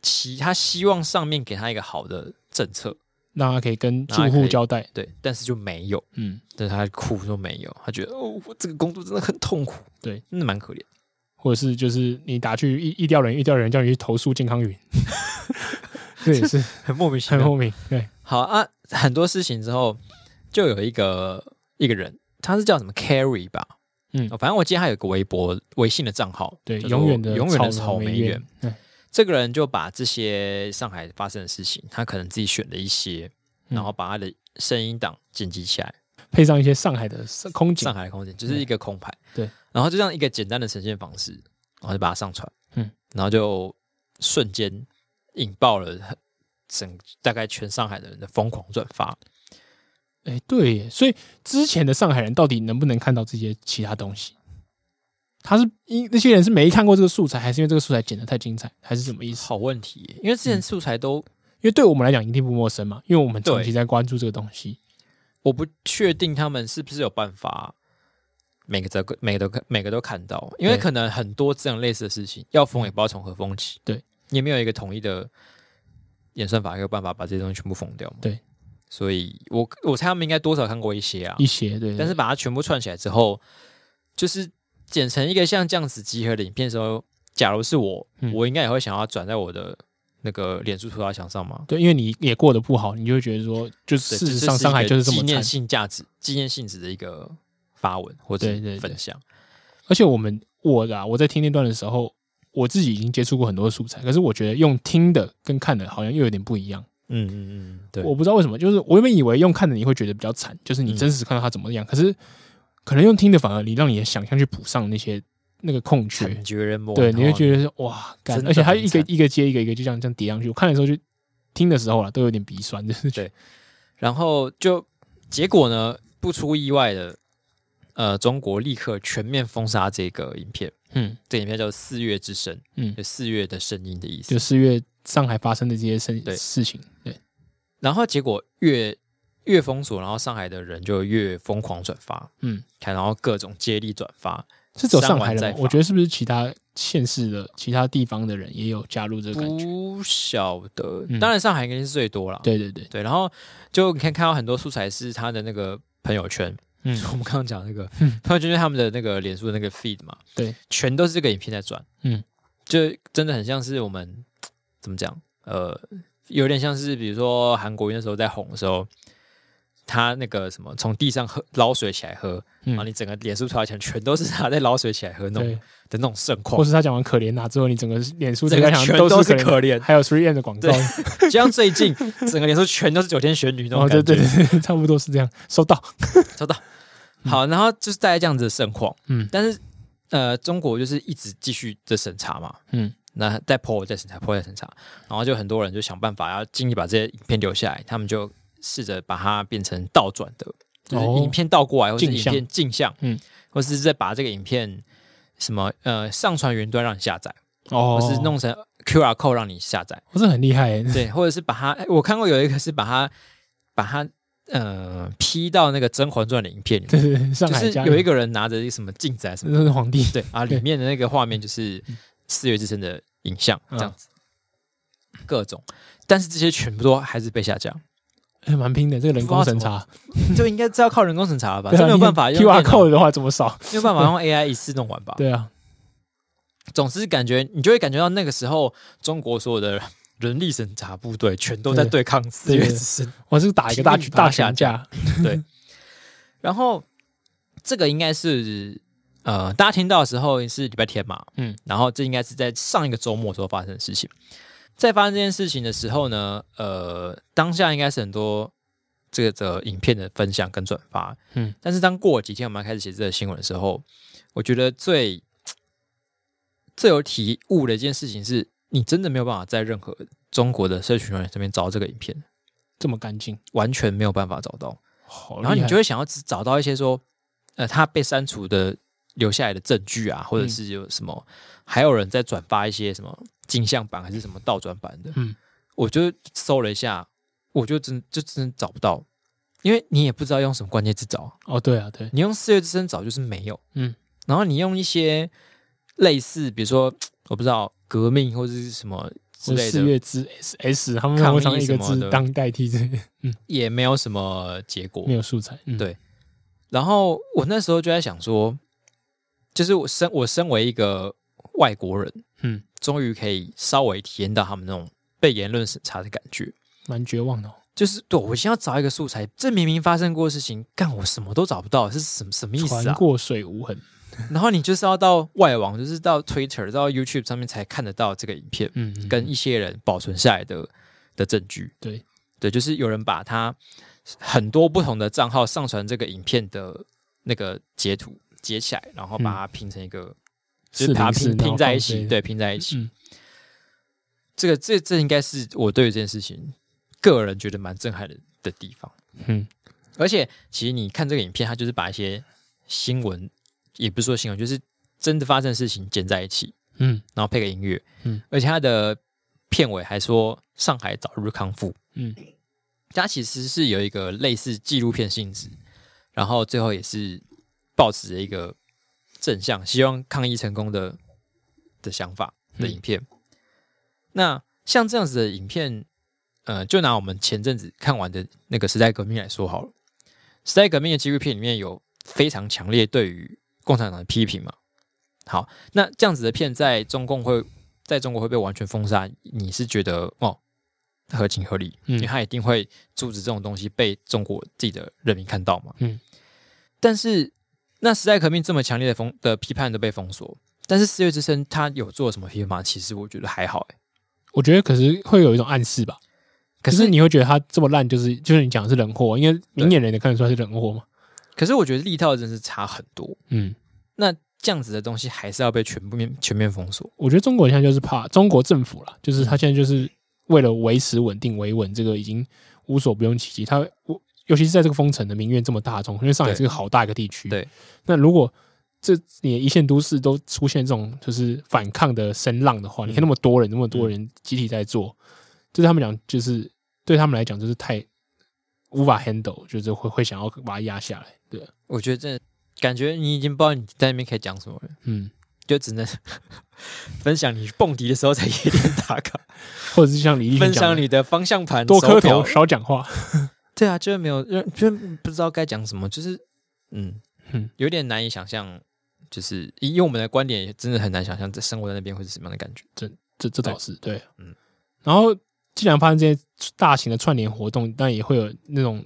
其他希望上面給他一個好的政策，讓他可以跟住戶交代。對，但是就沒有。嗯，但是他哭說沒有，他覺得哦，這個工作真的很痛苦。對，真的蠻可憐。或者是就是你打去疫、疫調人，疫調人叫你去投訴健康雲，對，是很莫名其妙。對，好啊，很多事情之後就有一個一個人，他是叫什麼 Carry 吧？嗯，反正我記得他有個微博、微信的賬號，對，永遠的、永遠的草莓園。對，嗯、這個人就把這些上海發生的事情，他可能自己選了一些，嗯、然後把他的聲音檔剪輯起來，配上一些上海的空景，上海的空景，就是一個空拍，對。然後就這樣一個簡單的呈現方式，然後就把它上傳，嗯，然後就瞬間引爆了整大概全上海的人的瘋狂轉發。嗯哎、欸，對耶，所以之前的上海人到底能不能看到這些其他東西？他是因那些人是沒看過這個素材，還是因為這個素材剪得太精彩，還是什麼意思？好問題耶，因為之前素材都，嗯、因為對我們來講一定不陌生嘛，因為我們長期在關注這個東西。我不確定他們是不是有辦法每個都看，每個都看，每個都看到，因為可能很多這樣類似的事情要封也不知道從何封起，對，也沒有一個統一的演算法，一個辦法把這些東西全部封掉嘛，對。所以我我猜他們應該多少看過一些啊，一些對，對，對，但是把它全部串起來之後，就是剪成一個像這樣子集合的影片的時候，假如是我，嗯、我應該也會想要轉在我的那個臉書塗鴉牆上嘛。對，因為你也過得不好，你就會覺得說，就是事實上上海就是這麼紀念性價值，紀念性質的一個發文或者是分享，對對對對。而且我們我的啊，我在聽那段的時候，我自己已經接觸過很多的素材，可是我覺得用聽的跟看的好像又有點不一樣。嗯嗯嗯，對，我不知道為什麼，就是我原本以為用看的你會覺得比較慘，就是你真實看到他怎麼樣，嗯、可是可能用聽的反而你讓你想象去補上那些那個空缺，對，你會覺得、就是、哇，感。而且他一個一個接一個一個就這樣這樣疊上去，我看的時候就聽的時候啊都有點鼻酸，就是、對， 然後就結果呢不出意外的，呃，中國立刻全面封殺這個影片，嗯，這影片叫做《四月之聲》，嗯，就四月的聲音的意思，就四月。上海發生的這些事對事情對，然後結果越越封鎖，然後上海的人就越瘋狂轉發，嗯，看然後各種接力轉發，是只有上海的嗎？我覺得是不是其他縣市的其他地方的人也有加入這個感覺？不曉得，當然上海應該是最多了。對對對對，然後就你看看到很多素材是他的那個朋友圈，嗯，我們剛剛講那個朋友圈就是他們的那個臉書的那個 feed 嘛，對，全都是這個影片在轉，嗯，就真的很像是我們。怎麼講，呃，有點像是比如說韓國瑜那時候在紅的時候，他那個什麼從地上喝撈水起來喝，然後你整個臉書出來前全都是他在撈水起來喝那種的那種盛況，或是他講完可憐吶之後，你整個臉書出來前全都是可憐。還有 3N 的廣告，就像最近整個臉書全都是九天玄女那種感覺。哦，對對對，差不多是這樣。收到，收到。好，然後就是帶來這樣子的盛況，嗯，但是呃，中國就是一直繼續的審查嘛，嗯。那再 po，再審查，po 再審查，然後就很多人就想辦法要盡力把這些影片留下來。他們就試着把它變成倒轉的，就是影片倒過來，或者影片鏡像，鏡像嗯，或者再把這個影片什麼呃上傳雲端讓你下載，哦，或是弄成 QR code 讓你下載，不是、哦、很厲害？對，或者是把它，我看過有一個是把它把它呃 P 到那個《甄嬛傳》的影片裡面，就是上海家就是有一個人拿着什麼鏡子，什麼都是皇帝，對啊，裡面的那個畫面就是四月之聲的。影像這樣子，各種，但是這些全部都還是被下架，蠻拼的。這個人工審查就應該知道靠人工審查吧，沒有辦法，用 QR code 的話怎麼掃？沒有辦法用 A I 一次弄完吧？對啊，總之感覺你就會感覺到那個時候，中國所有的人力審查部隊全都在對抗四月之聲，我是打一個大舉大下架，對。然後這個應該是。呃，大家聽到的時候是禮拜天嘛？嗯，然後這應該是在上一個周末時候發生的事情。在發生這件事情的時候呢，呃，當下應該是很多這個、這個、影片的分享跟轉發，嗯。但是當過了幾天，我們開始寫這個新聞的時候，我覺得最最有體悟的一件事情是，你真的沒有辦法在任何中國的社群上面這邊找這個影片，這麼乾淨，完全沒有辦法找到。好，然後你就會想要只找到一些說，呃，他被刪除的。留下來的證據啊，或者是有什麼？嗯、還有人在轉發一些什麼鏡像版還是什麼倒轉版的？嗯，我就搜了一下，我就真就真的找不到，因為你也不知道用什麼關鍵字找。哦，對啊，對。你用四月之聲找就是沒有，嗯。然後你用一些類似，比如說我不知道革命或者是什麼之類的是四月之 S S，他們一個字當代替這個。嗯，也沒有什麼結果，沒有素材。嗯、對。然後我那時候就在想說，就是我身我身為一個外國人，嗯，終於可以稍微體驗到他們那種被言論審查的感覺，蠻絕望的哦。就是對，我先要找一個素材，這明明發生過的事情，幹我什麼都找不到，是什麼什麼意思啊？過水無痕。 然後你就是要到外網，就是到 Twitter、到 YouTube 上面才看得到這個影片，嗯，嗯，跟一些人保存下來的的證據。對對，就是有人把他很多不同的賬號上傳這個影片的那個截圖。接起來，然後把它拼成一個，嗯、就是把它拼拼在一起，對，拼在一起。嗯、這個這這應該是我對於這件事情個人覺得蠻震撼的的地方。嗯，而且其實你看這個影片，它就是把一些新聞，也不是說新聞，就是真的發生的事情剪在一起，嗯，然後配個音樂，嗯，而且它的片尾還說上海早日康復，嗯，它其實是有一個類似紀錄片性質，然後最後也是。抱持着一個正向、希望抗疫成功的的想法的影片，嗯、那像這樣子的影片，呃，就拿我們前陣子看完的那個《時代革命》來說好了，《時代革命》的紀錄片裡面有非常強烈對於共產黨的批評嘛。好，那這樣子的片在中共會在中國會被完全封殺，你是覺得哦，合情合理，嗯、因為他一定會阻止這種東西被中國自己的人民看到嘛。嗯，但是。那《時代革命》這麼強烈的封的批判，都被封鎖，但是四月之聲他有做什麼批判嗎？其實我覺得還好誒、欸。我覺得可是會有一種暗示吧。可是，是你會覺得他這麼爛，就是，就是就是你講的是人禍，因為明眼人也看得出是人禍嘛。可是我覺得力道真的是差很多，嗯，那這樣子的東西還是要被全部面全面封鎖。我覺得中國現在就是怕中國政府啦，就是他現在就是為了維持穩定、維穩，這個已經無所不用其極。他我。尤其是在這個封城的民怨這麼大眾，因為上海是一個好大一個地區。對，那如果這你的一線都市都出現這種就是反抗的聲浪的話，你看那麼多人，那、嗯、麼多人集體在做，嗯、就，就是他們講，就是對他們來講，就是太無法 handle，就是會會想要把它壓下來。對，我覺得，感覺你已經不知道你在那邊可以講什麼了。嗯，就只能 分享你蹦迪的時候在夜店打卡， 或者是像你立分享你的方向盤，多磕頭少講錶講話。 對啊，就是沒有，就不知道該講什麼，就是嗯，有點難以想象，就是因為我們的觀點也真的很難想象，在生活在那邊會是什麼樣的感覺，這這這倒是對，對嗯。然後，既然發生這些大型的串聯活動，那也會有那種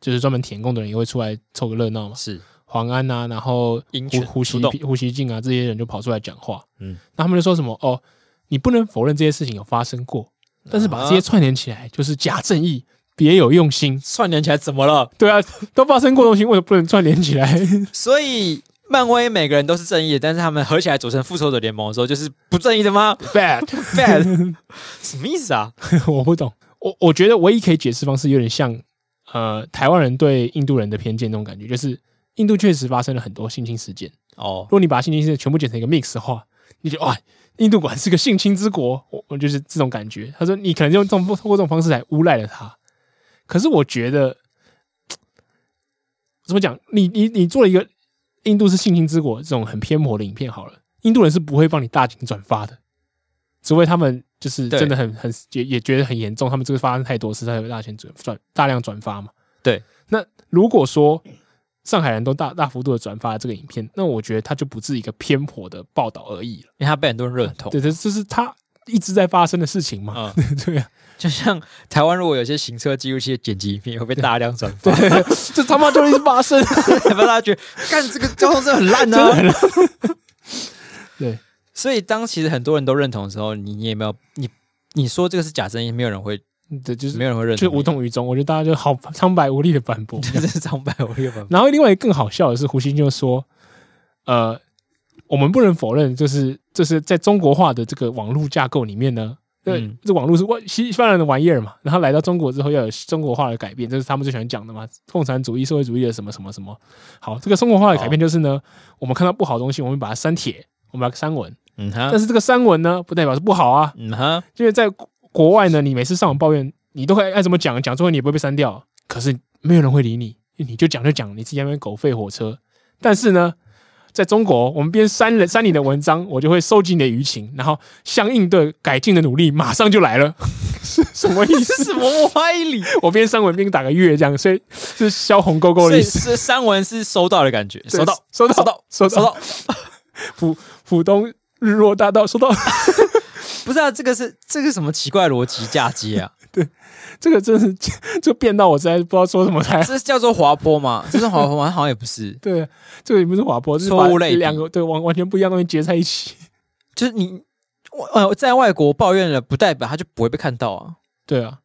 就是專門舔共的人也會出來湊個熱鬧嘛，是黃安吶、啊，然後胡胡錫胡錫進啊這些人就跑出來講話，嗯，那他們就說什麼哦，你不能否認這些事情有發生過，但是把這些串聯起來、啊、就是假正義。別有用心，串聯起來怎麼了？對啊，都發生過東西，為什麼不能串聯起來？ 所以漫威每個人都是正義的，但是他們合起來組成復仇者聯盟的時候，就是不正義的嗎？Bad bad， 什麼意思啊？我不懂。我我覺得唯一可以解釋方式，有點像呃台灣人對印度人的偏見那種感覺，就是印度確實發生了很多性侵事件哦。如果你把性侵事件全部剪成一個 mix 的話，你就哇，印度果然是個性侵之國，我我就是這種感覺。他說你可能用這種通過這種方式來誣賴了他。可是我覺得，怎麼講？你你你做了一個印度是性侵之國這種很偏頗的影片，好了，印度人是不會幫你大錢轉發的，除非他們就是真的很對很也也覺得很嚴重，他們這個發生太多事，他才有大錢轉轉大量轉發嘛？對。那如果說上海人都大大幅度的轉發這個影片，那我覺得它就不是一個偏頗的報道而已了，因為它被很多人認同。對，對、就是他。一直在發生的事情嘛，嗯、 對啊，就像台灣如果有些行車記錄器的剪輯影片會被大量轉發，對，對，這他媽就一直發生，讓大家覺得幹這個交通是很爛、啊啊，的。 對，所以當其實很多人都認同的時候，你你也沒有，你你說這個是假聲音，沒有人會，對，就是沒有人會認同，就，就無動於衷。我覺得大家就好蒼白無力的反駁，真是蒼白無力。然後另外一個更好笑的是，胡錫進就說，呃。我們不能否認，就是就是在中國化的這個網絡架構裡面呢，嗯、這這網絡是外西方人的玩意兒嘛，然後來到中國之後要有中國化的改變，這是他們最喜歡講的嘛，共產主義、社會主義的什麼什麼什麼。好，這個中國化的改變就是呢，好我們看到不好東西，我們把它刪帖，我們把它刪文。嗯哼哈，但是這個刪文呢，不代表是不好啊。嗯哼哈，因為在國外呢，你每次上網抱怨，你都會愛怎麼講講，之後你也不會被刪掉。可是沒有人會理你，你就講就講，你自己那邊狗吠火車。但是呢。在中國，我們邊刪了，刪你的文章，我就會收集你的輿情，然後相應的改進的努力馬上就來了，是 什麼意思？ 什麼歪理？我邊刪文，邊打個月這樣，所以是消紅勾勾的意思。刪文是收到的感覺，對收到，收到，收到，收到。浦浦到 東日落大道，收到。 不知道、啊、這個是這個什麼奇怪邏輯嫁接啊？ 對，這個真是，就變到我實在不知道說什麼才。這是叫做滑坡嗎？這是滑坡嗎？好像也不是。 對，這個也不是滑坡，這是把兩個類對完完全不一樣東西接在一起。就是你，我呃，我在外國抱怨了，不代表他就不會被看到啊。對啊。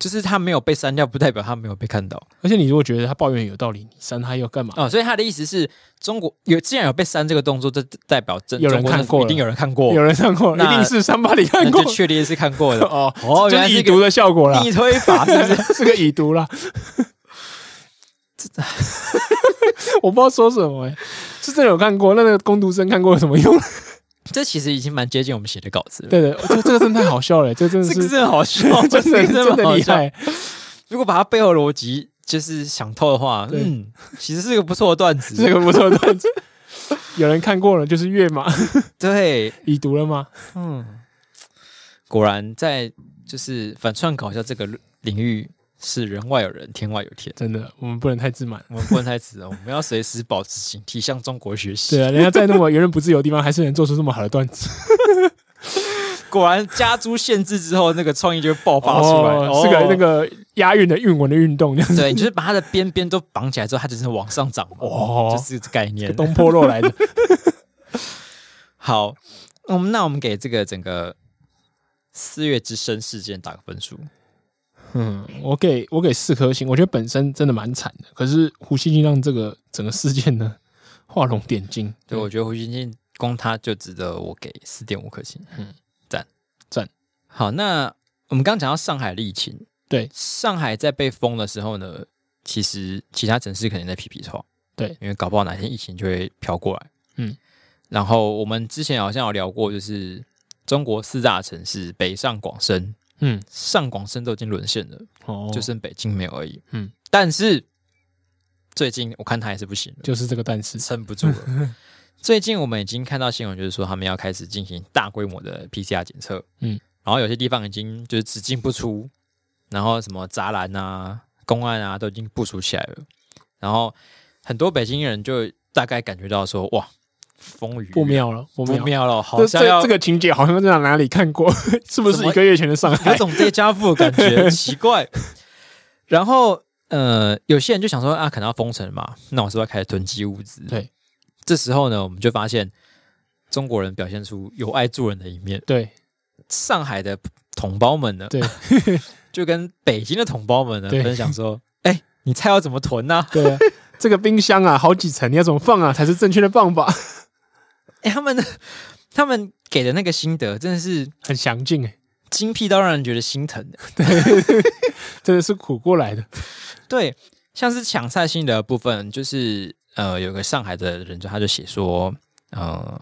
就是他沒有被刪掉，不代表他沒有被看到。而且你如果覺得他抱怨有道理，你刪他又幹嘛？哦，所以他的意思是，中國有既然有被刪這個動作，這代表真有人看過，一定有人看過，有人看過，那一定是三八里看過，確定是看過的 哦。這哦，就是已讀的效果了，逆推法是不是 是個已讀了？ 我不知道說什麼哎、欸，是真的有看過，那個工讀生，看過有什麼用？ 這其實已經蠻接近我們寫的稿子了。對對，這、哦、這個真的太好笑了，就 真的是這真的好笑，真的真的厲害。如果把它背後邏輯就是想透的話，對嗯，其實是一個不錯的段子，這 個不錯的段子。 有人看過了就是閱嘛， 對，已讀了嗎？嗯，果然在就是反串搞笑這個領域。是人外有人，天外有天。真的，我們不能太自滿，我們不能太自傲， 我們要隨時保持警惕，向中國學習。對啊，人家在那麼言論不自由的地方，還是能做出這麼好的段子。 果然，家租限制之後，那個創意就會爆發出來，哦、是個那個押韻的韻、哦、文的運動樣子。對，你就是把它的邊邊都綁起來之後，它只是往上漲嘛。哦，就是概念這個東坡肉來的。 好，我們那我們給這個整個四月之聲事件打個分數。嗯，我給我給四顆星，我覺得本身真的蠻慘的，可是胡錫進讓這個整個事件呢畫龍點睛。對，對，我覺得胡錫進光他就值得我給四點五顆星。嗯，讚讚。好，那我們剛，剛講到上海的疫情，對，上海在被封的時候呢，其實其他城市肯定在皮皮剉。對，因為搞不好哪天疫情就會飄過來。嗯，然後我們之前好像有聊過，就是中國四大城市北上廣深。嗯，上廣深都已經淪陷了，哦，就剩北京沒有而已。嗯，但是最近我看他也是不行了，就是這個是，單詞撐不住了。 最近我們已經看到新聞，就是說他們要開始進行大規模的 PCR 檢測。嗯，然後有些地方已經就是只進不出，然後什麼柵欄啊、公安啊都已經部署起來了。然後很多北京人就大概感覺到說，哇。風雨不妙了，不妙了，妙了好像這,這個情節好像在哪裡看過， 是不是一個月前的上海？有種在加速的感覺， 奇怪。然後呃，有些人就想說啊，可能要封城嘛，那我是不是要開始囤積物資。對，這時候呢，我們就發現中國人表現出有愛助人的一面。對，上海的同胞們呢，對， 就跟北京的同胞們呢分享對說：“哎、欸，你菜要怎麼囤呢、啊？對、啊， 這個冰箱啊，好幾層，你要怎麼放啊，才是正確的放法。”哎、欸，他們呢他們給的那個心得真的是很詳盡，誒，精闢到讓人覺得心疼，對， 真的是苦過來的。對，像是搶菜心得的部分，就是呃，有個上海的人就他就寫說，呃，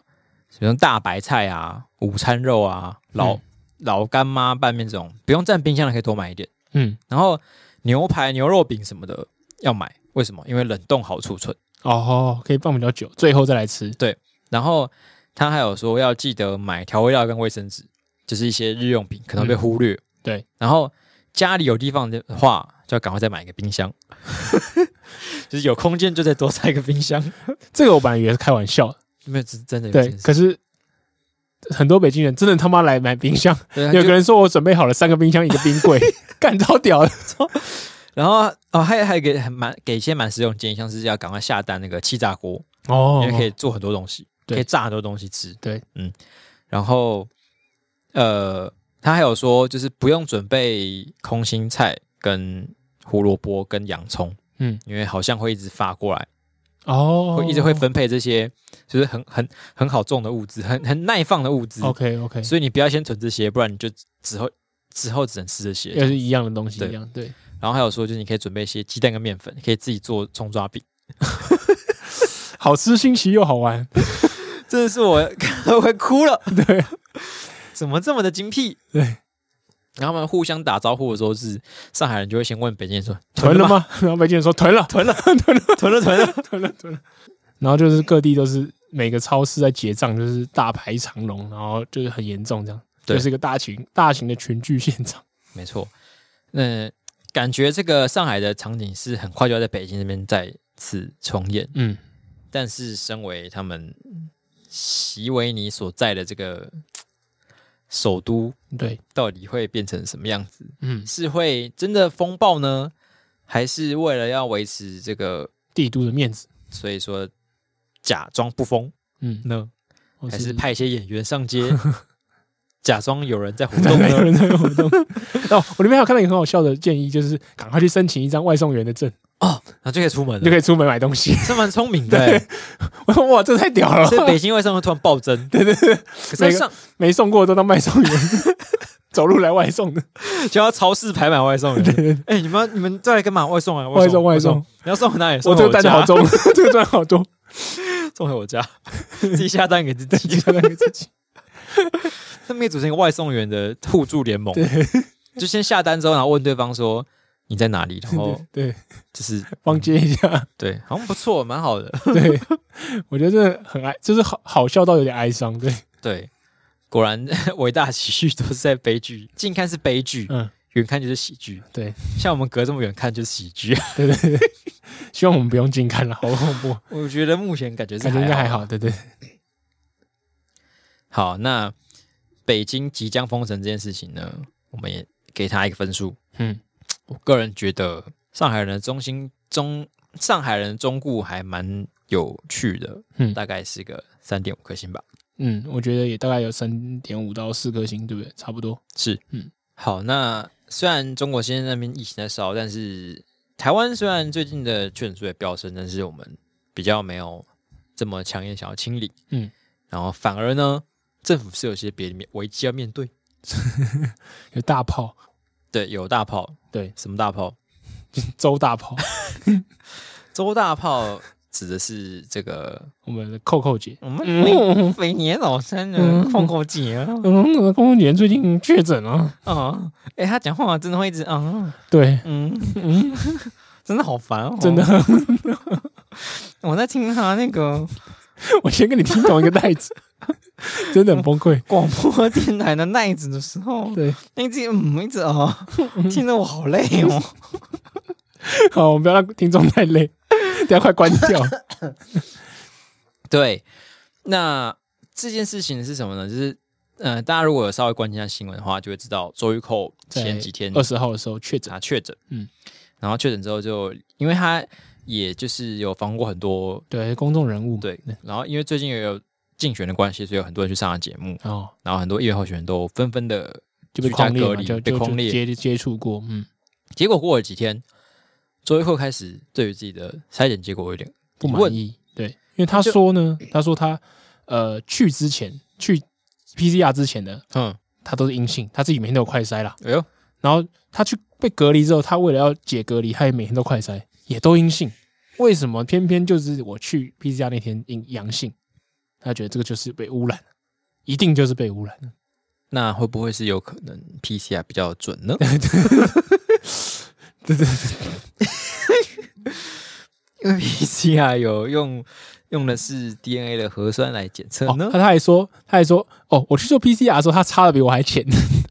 什麼大白菜啊、午餐肉啊、老、嗯、老乾媽拌麵這種，不用佔冰箱的可以多買一點，嗯，然後牛排、牛肉餅什麼的要買，為什麼？因為冷凍好儲存哦，可以放比較久，最後再來吃，對。然後他還有說要記得買調味料跟衛生紙，就是一些日用品可能被忽略。嗯、對，然後家裡有地方的話，就要趕快再買一個冰箱， 就是有空間就再多塞一個冰箱。這個我本來也是開玩笑，沒有真的真對。可是很多北京人真的他媽來買冰箱。對，有個人說我準備好了三個冰箱一個冰櫃， 幹到屌了。 然後啊，哦，還有還有給蠻給一些蠻實用的建議，像是要趕快下單那個氣炸鍋哦、嗯，因為可以做很多東西。可以炸很多東西吃，對。對，嗯，然後，呃，他還有說，就是不用準備空心菜，跟胡蘿蔔，跟洋蔥，嗯，因為好像會一直發過來，哦，會一直會分配這些，就是很很很好種的物資，很很耐放的物資。O K O K，所以你不要先存這些，不然你就之後之後只能吃這些這，又是一樣的東西一樣。對，對。然後還有說，就是你可以準備一些雞蛋跟麵粉，可以自己做蔥抓餅， 好吃、新奇又好玩。 真的是我都會哭了，對，怎麼這麼的精闢？對，然後他們互相打招呼的時候，是上海人就會先問北京人說：“囤了嗎？”然後北京人說：“囤了，囤了，囤了，囤了，囤了，囤了。”然後就是各地都是每個超市在結賬，就是大排長龍，然後就是很嚴重，這樣，對，就是一個大型大型的群聚現場。沒錯，嗯，感覺這個上海的場景是很快就要在北京這邊再次重演。嗯，但是身為他們。席維尼所在的這個首都，對，到底會變成什麼樣子？嗯，是會真的風暴呢，還是為了要維持這個帝都的面子，所以說假裝不瘋？嗯，呢，還是派一些演員上街，是 假裝有人在活動，有人在活動。哦， 我裡面還有看到一個很好笑的建議，就是趕快去申請一張外送員的證。哦，然後就可以出門，就可以出門買東西，這蠻聰明的。我說，哇，這太屌了！這北京外送會突然暴增。對對對，沒送沒送過都當外送員，走路來外送的，就要超市排滿外送員。哎，你們你們再來幹嘛？外送啊，外送外送，你要送回哪裡？送回我家。好重，這個單好重，送回我家，自己下單給自己，下單給自己。他們可以組成一個外送員的互助聯盟，就先下單之後，然後問對方說。你在哪裡？然後、就是、對，就是幫接一下，對，好像不錯，蠻好的。對，我覺得這很哀，就是好好笑到有點哀傷，對對。果然，偉大的喜劇都是在悲劇，近看是悲劇，嗯，遠看就是喜劇，對。像我們隔這麼遠看就是喜劇，對對對。 希望我們不用近看了，好恐怖。我覺得目前感覺是應該還好，好對，對對。好，那北京即將封城這件事情呢，我們也給他一個分數，嗯。我個人覺得上海人的中心中，上海人囤貨還蠻有趣的，嗯，大概是個三點五顆星吧，嗯，我覺得也大概有三點五到四顆星，對不對？差不多是，嗯，好。那雖然中國現在那邊疫情在燒，但是台灣雖然最近的確診數也飆升，但是我們比較沒有這麼強烈想要清理，嗯，然後反而呢，政府是有些別的面危機要面對， 對，有大炮，對，有大炮。對，什麼大炮？周大炮， 周大炮指的是這個我們蔻蔻姐，我們肥肥年老三的蔻蔻姐啊，蔻蔻、嗯嗯嗯嗯嗯呃、姐最近確診了。哦、嗯，哎、欸，他講話真的會一直嗯，對，嗯嗯，嗯，真的好煩、喔，真的我在聽他那個。我先跟你聽同一個袋子， 真的很崩潰。廣播電台的袋子的時候，對，那自己嗯一直哦、呃，直呃、 聽得我好累哦。 好，我不要讓聽眾太累，等下快關掉。 對，那這件事情是什麼呢？就是嗯、呃，大家如果有稍微關心一下新聞的話，就會知道周玉蔻前幾天二十號的時候確診，確診，嗯，然後確診之後就因為他。也就是有訪問過很多對公眾人物對，然後因為最近也有競選的關係，所以有很多人去上他節目哦，然後很多議員候選人都紛紛的就被在隔離被隔離接接觸過，嗯，結果過了幾天，周玉蔻開始對於自己的篩檢結果有點不滿意，為對，因為他說呢，就他說他呃去之前去 PCR 之前的嗯，他都是陰性，他自己每天都有快篩啦，哎呦，然後他去被隔離之後，他為了要解隔離，他也每天都快篩。也都陰性，為什麼偏偏就是我去 PCR 那天陰陽性？他覺得這個就是被污染了，一定就是被污染了。那會不會是有可能 PCR 比較準呢？ 對對對，對，因為 PCR 有用用的是 DNA 的核酸來檢測呢。他、哦、還說，他還說，哦，我去做 PCR 的時候，他插的比我還淺，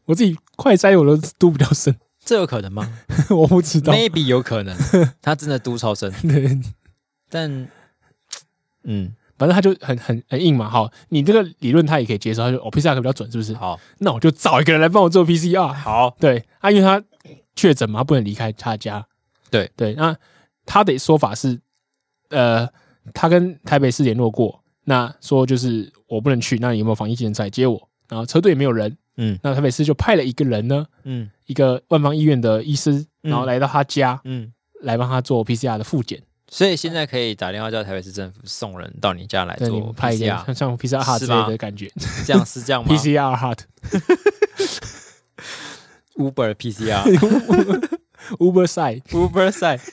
我自己快篩我都都比較深這有可能嗎？ 我不知道，maybe 有可能， 他真的都超生。對，但嗯，反正他就很很很硬嘛。好，你這個理論他也可以接受。他說 PCR 比較準，是不是？好，那我就找一個人來幫我做 PCR。好，對，啊，因為他確診嘛，不能離開他家。對對，那他的說法是，呃，他跟台北市聯絡過，那說就是我不能去，那你有沒有防疫人員來接我？然後車隊也沒有人。嗯，那台北市就派了一個人呢，嗯，一個萬芳醫院的醫師，嗯、然後來到他家，嗯，來幫他做 PCR 的複檢。所以現在可以打電話叫台北市政府送人到你家來做 R, 派駕，像 PCR Heart 之類的感覺，這樣是這樣嗎 ？PCR Heart，Uber PCR，Uber Side，Uber Side，, Uber side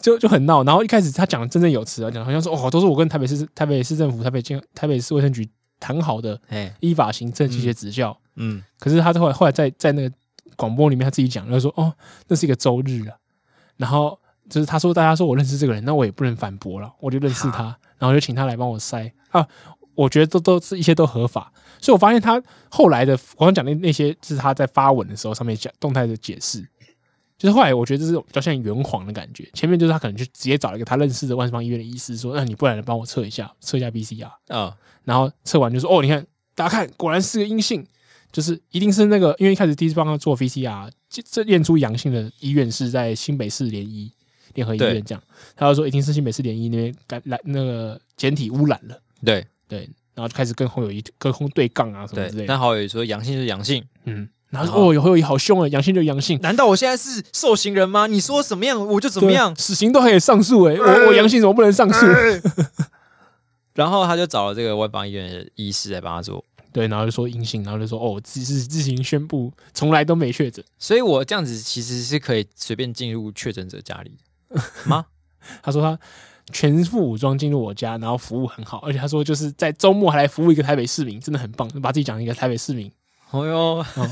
就就很鬧。然後一開始他講的振振有詞，講的好像說哦，都是我跟台北市台北市政府、台北健台北市衛生局。談好的，哎，依法行政，這些執教，嗯，嗯，可是他後來後來在在那個廣播裡面他自己講，他、就是、說哦，那是一個周日啊，然後就是他說大家說我認識這個人，那我也不能反駁了，我就認識他，哈然後就請他來幫我塞啊，我覺得都都是一些都合法，所以我發現他後來的我剛講的那些是他在發文的時候上面講動態的解釋。就是後來我覺得這是比較像圓謊的感覺。前面就是他可能就直接找一個他認識的萬芳醫院的醫師說：“那、呃、你不然能幫我測一下，測一下 PCR、嗯、然後測完就說：“哦，你看，大家看，果然是個陰性，就是一定是那個，因為一開始第一次幫他做 PCR 這這驗出陽性的醫院是在新北市聯醫聯合醫院，這樣。對”他就說：“一定是新北市聯醫那邊感那，那個檢體污染了，對”對對，然後就開始跟好友一隔空對槓啊什麼之類的。那好友說：“陽性就是陽性。”嗯。然後，然後哦，有，有，有好凶哎，陽性就陽性。難道我現在是受刑人嗎？你說怎麼樣我就怎麼樣。死刑都可以上訴誒，呃、我我陽性怎麼不能上訴？呃呃、 然後他就找了這個外邦醫院的醫師來幫他做，對，然後就說陰性，然後就說哦，自自自行宣布，從來都沒確診。所以我這樣子其實是可以隨便進入確診者家裡嗎？ 他說他全副武裝進入我家，然後服務很好，而且他說就是在周末還來服務一個台北市民，真的很棒，把自己講一個台北市民。朋友、哦哦，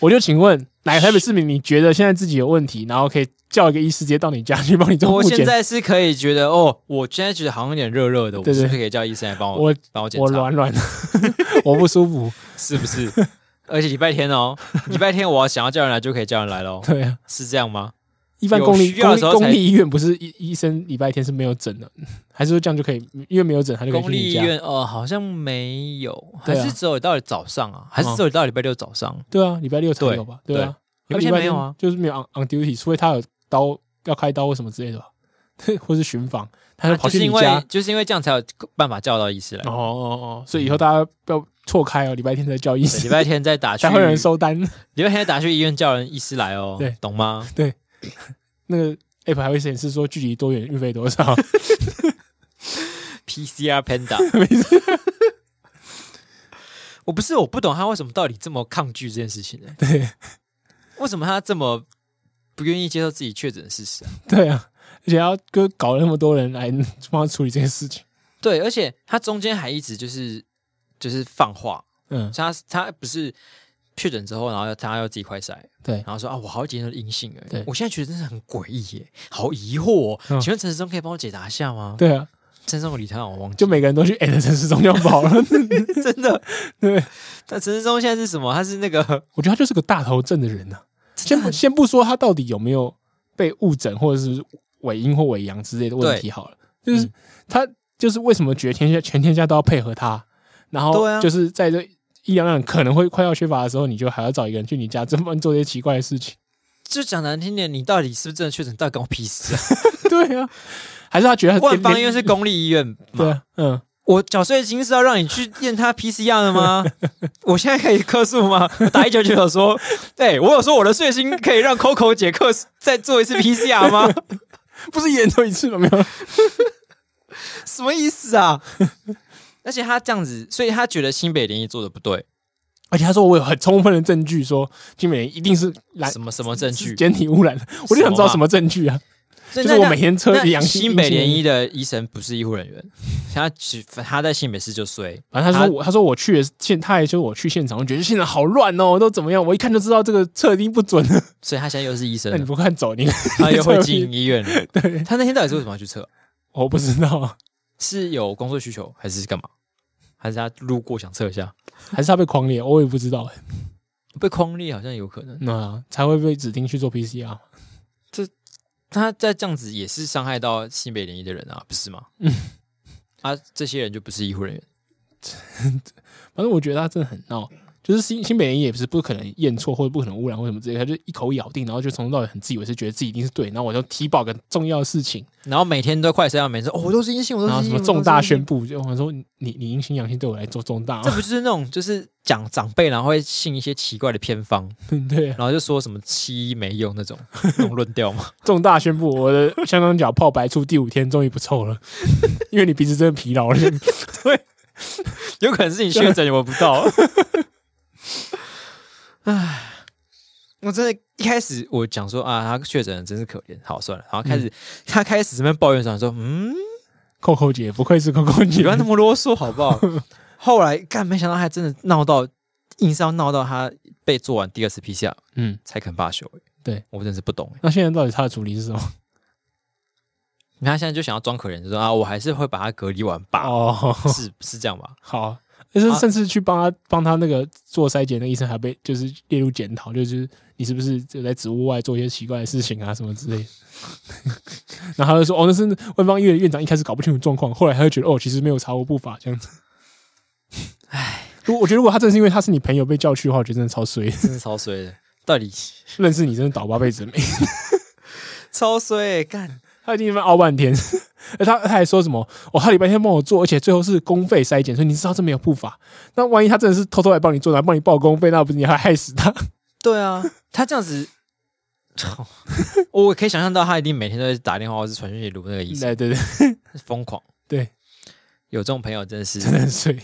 我就請問哪個台北市民，你覺得現在自己有問題，然後可以叫一個醫師直接到你家去幫你做？我現在是可以覺得哦，我現在覺得好像有點熱熱的，對對對，我是不是可以叫醫生來幫我，幫我檢查？我軟軟的，我不舒服，是不是？ 而且禮拜天哦，禮拜天我要、啊、想要叫人來就可以叫人來咯。對啊，是這樣嗎？一般公立公立公立醫院不是醫醫生禮拜天是沒有診的，還是說這樣就可以？因為沒有診，他就公立醫院哦，好像沒有，還是只有到了早上啊，還是只有到禮拜六早上？對啊，禮拜六才有吧？對啊，有些沒有啊，就是沒有 on on duty，除非他有刀要開刀或什麼之類的，或是巡房，他就跑去你家，就是因為這樣才有辦法叫到醫師來哦。哦哦，所以以後大家不要錯開哦，禮拜天再叫醫師來，禮拜天再打去會有人收單，禮拜天再打去醫院叫人醫師來哦，對，懂嗎？對。 那個 app 還會顯示說距離多遠，運費多少 ？PCR Panda， 我不是我不懂他為什麼到底這麼抗拒這件事情呢、欸？對，為什麼他這麼不願意接受自己確診的事實、啊？對啊，而且他搞了那麼多人來幫他處理這件事情。對，而且他中間還一直就是就是放話，嗯，他他不是。確診之後，然後他要自己快篩，對，然後說啊，我好幾天都陰性而已。對，我現在覺得真的很詭異，好疑惑。請問陳時中可以幫我解答一下嗎？對啊，陳時中我理他我忘，就每個人都去 at 陳時中就跑了，真的。對，那陳時中現在是什麼？他是那個，我覺得他就是個大頭症的人呢。先先不說他到底有沒有被誤診，或者是偽陰或偽陽之類的問題好了，就是他就是為什麼絕天下全天下都要配合他，然後就是在這。一兩兩可能會快要缺乏的時候，你就還要找一個人去你家專門做這些奇怪的事情。就講難聽點，你到底是不是真的確診？到底跟我屁事、啊、 對呀、啊，還是他覺得很萬芳醫院是公立醫院嘛？對、啊，嗯，我繳稅金是要讓你去驗他 PCR 的嗎？ 我現在可以客訴嗎？打一九九九說， 對我有說我的稅金可以讓 Coco 姐克再做一次 PCR 嗎？ 不是一年一次了沒有？ 什麼意思啊？而且他這樣子，所以他覺得新北聯醫做的不對。而且他說我有很充分的證據說新北聯醫一定是來什麼什麼證據，檢體污染，我就想知道什麼證據啊？啊就是我每天測的新北聯醫的醫生不是醫護人員，嗯、他去他在新北市就睡。然後他說我他,他說我去現，他還說我去現場，我覺得現場好亂哦，都怎麼樣？我一看就知道這個測定不準了。所以他現在又是醫生，那你不看走，你他又會進醫院了。 對他那天到底是為什麼要去測？我不知道，是有工作需求還是干嘛？還是他路過想測一下，還是他被匡列？我也不知道、欸，被匡列好像有可能，那、啊、才會被指定去做 PCR、啊。這他在這樣子也是傷害到新北聯醫的人啊，不是嗎？嗯，啊，這些人就不是醫護人員真的，反正我覺得他真的很鬧。就是新新美人也不是不可能驗錯或者不可能污染或什麼之類的，他就一口咬定，然後就從頭到尾很自以為是，覺得自己一定是對。然後我就提保個重要的事情，然後每天都快篩，每天都說哦，我都是陰性，我都是陰性然後什麼重大宣布，就我，我說你你陰性陽性對我來做重大，這不就是那種就是講長輩然後會信一些奇怪的偏方，對、啊，然後就說什麼西醫沒用那種那種論調嘛。 重大宣布，我的香港腳泡白醋第五天終於不臭了， 因為你鼻子真的疲勞了， 對，有可能是你確診有，聞不到。 哎，我真的一開始我講說啊，他確診真是可憐。好，算了。然後開始、嗯、他開始這邊抱怨上說，嗯，蔻蔻姐不愧是蔻蔻姐，不要那麼囉嗦好不好？ 後來幹沒想到他還真的鬧到硬是要鬧到他被做完第二次 PCR，嗯，才肯罷休。對我真的是不懂。那現在到底他的主力是什麼？你看 現在就想要裝可憐，就說啊，我還是會把他隔離完吧。哦，是是這樣吧？好。甚至甚至去幫他幫、啊、他那個做篩檢的醫生還被就是列入檢討，就是你是不是在職務外做一些奇怪的事情啊什麼之類。 然後他就說：“哦，那是萬方醫院院長一開始搞不清楚狀況，後來他就覺得哦，其實沒有查無不法這樣子。”哎，如果我覺得如果他真的是因為他是你朋友被叫去的話，我覺得真的超衰的，真的超衰的，到底認識你真的倒八輩子霉， 超衰幹、欸。他一定要拗半天，他他還說什麼？我他禮拜天幫我做，而且最後是公費篩檢，所以你知道這沒有不法。那萬一他真的是偷偷來幫你做，來幫你報公費，那不是你要害死他？對啊，他這樣子，哦、我可以想象到他一定每天都在打電話或是傳訊息，錄那個意思。對對對，瘋狂。對，有這種朋友真的是真碎。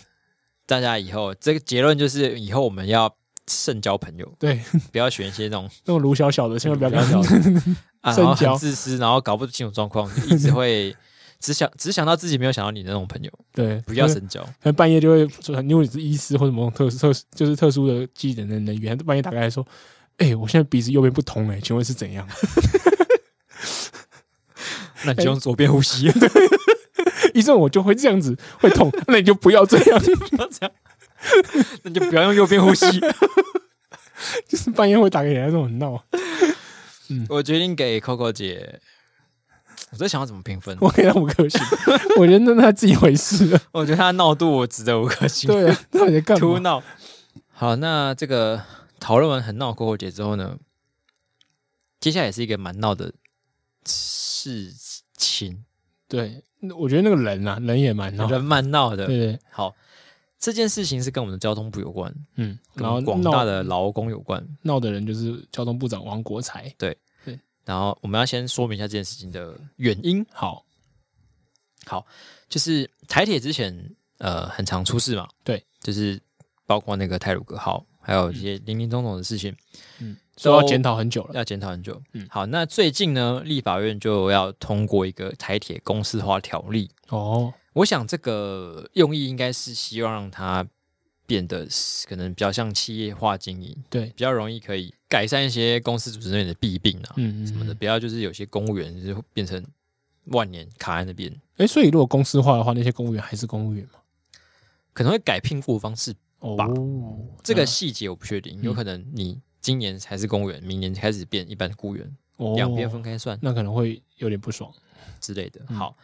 大家以後這個結論就是，以後我們要。慎交朋友，對，不要選一些那種那種盧小小的，千萬不要交。慎交，自私，然後搞不清楚狀況，一直會只想只想到自己，沒有想到你的那種朋友。對，不要深交。半夜就會，因為你是醫師或者什麼特殊特就是特殊的技能的人員，半夜打過來說：“哎，我現在鼻子右邊不通哎，請問是怎樣？”那你就用左邊呼吸。醫生，我就會這樣子會痛，那你就不要這樣，不要這樣。 那就不要用右邊呼吸， 就是半夜會打給人家這種鬧。我決定給 Coco 姐，我在想要怎麼評分。我給他五顆星，我覺得那他自己會是。我覺得他鬧度我值得五顆星。對那 突鬧。好，那這個討論完很鬧 Coco 姐之後呢，接下來也是一個蠻鬧的事情。對，我覺得那個人啊，人也蠻鬧，人蠻鬧的。的對，對，好。這件事情是跟我們的交通部有關，嗯，然後跟廣大的勞工有關，鬧的人就是交通部長王國材，對對，對，然後我們要先說明一下這件事情的原因，好好，就是台鐵之前呃很常出事嘛，對，就是包括那個太魯閣號，還有一些林林總總的事情嗯，嗯，都要檢討很久了，要檢討很久，嗯，好，那最近呢，立法院就要通過一個台鐵公司化條例，哦。我想這個用意應該是希望讓它變得可能比較像企業化經營，對，比較容易可以改善一些公司組織內的弊病啊，嗯什麼的，不要、嗯嗯嗯、就是有些公務員就是變成萬年卡在那邊。哎，所以如果公司化的話，那些公務員還是公務員嗎？可能會改聘僱方式吧。哦、這個細節我不確定，嗯、有可能你今年還是公務員，明年開始變一般僱員，哦、兩邊分開算，那可能會有點不爽之類的。嗯、好，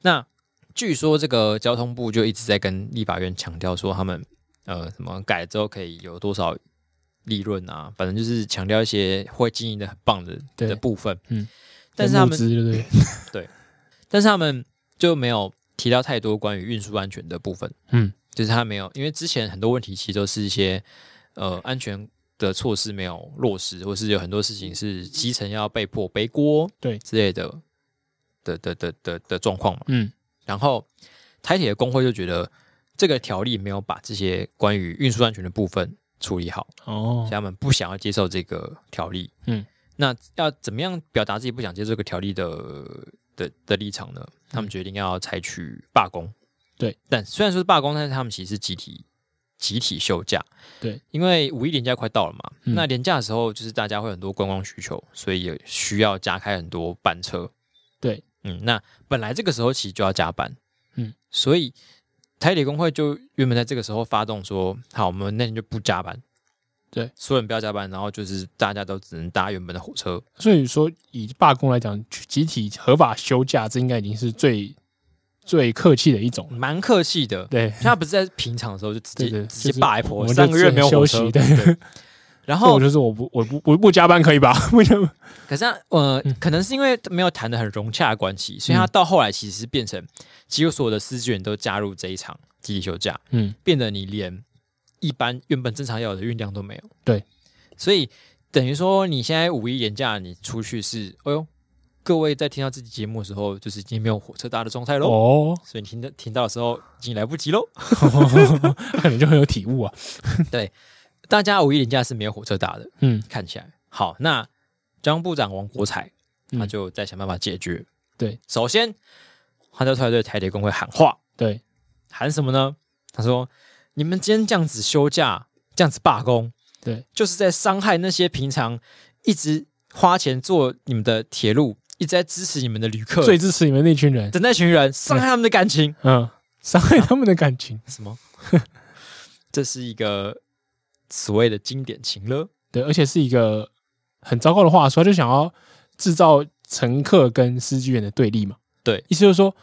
那。據說這個交通部就一直在跟立法院強調說，他們呃什麼改了之後可以有多少利潤啊，反正就是強調一些會經營的很棒的對的部分。嗯，但是他們對對，但是他們就沒有提到太多關於運輸安全的部分。嗯，就是他沒有，因為之前很多問題其實都是一些呃安全的措施沒有落實，或是有很多事情是基層要被迫背鍋對之類的對的的的的的的狀況嘛。嗯。然後台鐵的工會就覺得這個條例沒有把這些關於運輸安全的部分處理好哦，所以他們不想要接受這個條例。嗯，那要怎麼樣表達自己不想接受這個條例的的的立場呢？他們決定要採取罷工。對、嗯，但雖然說是罷工，但是他們其實是集體集體休假。對，因為五一連假快到了嘛，嗯，那連假的時候就是大家會很多觀光需求，所以也需要加開很多班車。對。嗯，那本來這個時候其實就要加班，嗯，所以台鐵工會就原本在這個時候發動說，好，我們那天就不加班，對，所有人不要加班，然後就是大家都只能搭原本的火車。所以說，以罷工來講，集體合法休假，這應該已經是最最客氣的一種，蠻客氣的。對，他不是在平常的時候就直接直接罷一波，三個月沒有休息對然後我就是我不我不我不加班可以吧？為什麼？可是、啊、呃，嗯、可能是因為沒有談得很融洽的關係，所以他到後來其實是變成幾乎所有的司機員都加入這一場集體休假，嗯，變得你連一般原本正常要有的運量都沒有。對，所以等於說你現在五一連假，你出去是，哎呦，各位在聽到這期節目的時候，就是已經沒有火車搭的狀態咯，哦，所以你聽到聽到的時候已經來不及咯，可能 就很有體悟啊。對。大家五一連假是沒有火車搭的，嗯，看起來好。那張部長王國材、嗯、他就在想辦法解決。對，首先他就出來對台鐵工會喊話，對，喊什麼呢？他說：“你們今天這樣子休假，這樣子罷工，對，就是在傷害那些平常一直花錢坐你們的鐵路，一直在支持你們的旅客，最支持你們那群人，等那群人傷害他們的感情，嗯，傷害他們的感情。啊、感情什麼？ 這是一個。”所謂的經典情了，對，而且是一個很糟糕的話說，所以他就想要製造乘客跟司機員的對立嘛？對，意思就是說，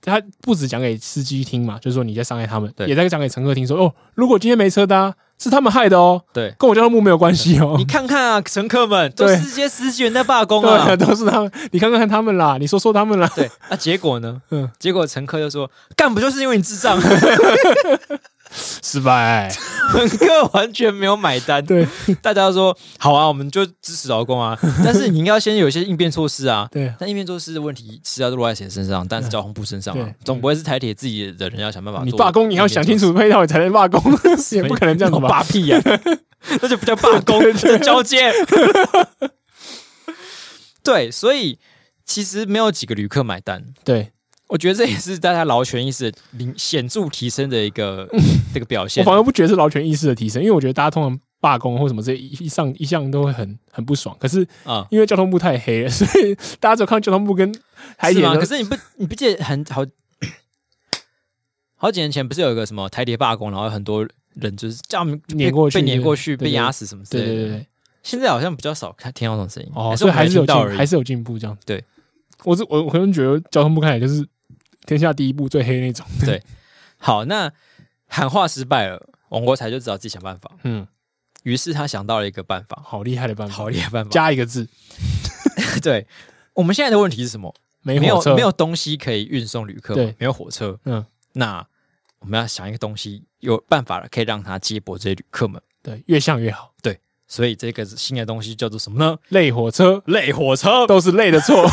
他不只講給司機聽嘛，就是說你在傷害他們，對也在講給乘客聽說哦、喔，如果今天沒車搭、啊，是他們害的哦、喔，對，跟我交通部沒有關係哦、喔。你看看啊，乘客們都是這些司機員在罷工啊，都是他們，你看看他們啦，你說說他們啦，對那、啊、結果呢？嗯，結果乘客就說，幹不就是因為你智障？ 失敗、欸，乘客完全沒有買單。對，大家都說好啊，我們就支持勞工啊。但是你應該先有一些應變措施啊。對，但應變措施的問題是要落在誰身上？但是交通部身上、啊嗯、總不會是台鐵自己的人要想辦法做。你罷工，你要想清楚配套，你才能罷工。 也不可能這樣子罷屁啊，那就 不叫罷工， 交接。對， 對，所以其實沒有幾個旅客買單。對。我覺得這也是大家勞權意識的顯著提升的一個這個表現、嗯。我反而不覺得是勞權意識的提升，因為我覺得大家通常罷工或什麼這一上一向都會很很不爽。可是啊，因為交通部太黑了，所以大家只有看到交通部跟還是嗎？可是你不你不記得很好 好幾年前不是有一個什麼台鐵罷工，然後很多人就是這樣碾過去，被碾過去被壓死什麼？對對對。現在好像比較少看聽、哦、聽到這種聲音哦，還是還是有還是有進步這樣？對，我是我我可能覺得交通部看起來就是。天下第一部最黑那種，對，好，那喊話失敗了，王國材就只好自己想辦法，嗯，於是他想到了一個辦法，好厲害的辦法，好厲害的辦法，加一個字，對，我們現在的問題是什麼？沒有沒有東西可以運送旅客，對，沒有火車，嗯，那我們要想一個東西，有辦法了可以讓他接駁這些旅客們，對，越像越好，對，所以這個新的東西叫做什麼呢？類火車，類火車都是累的錯。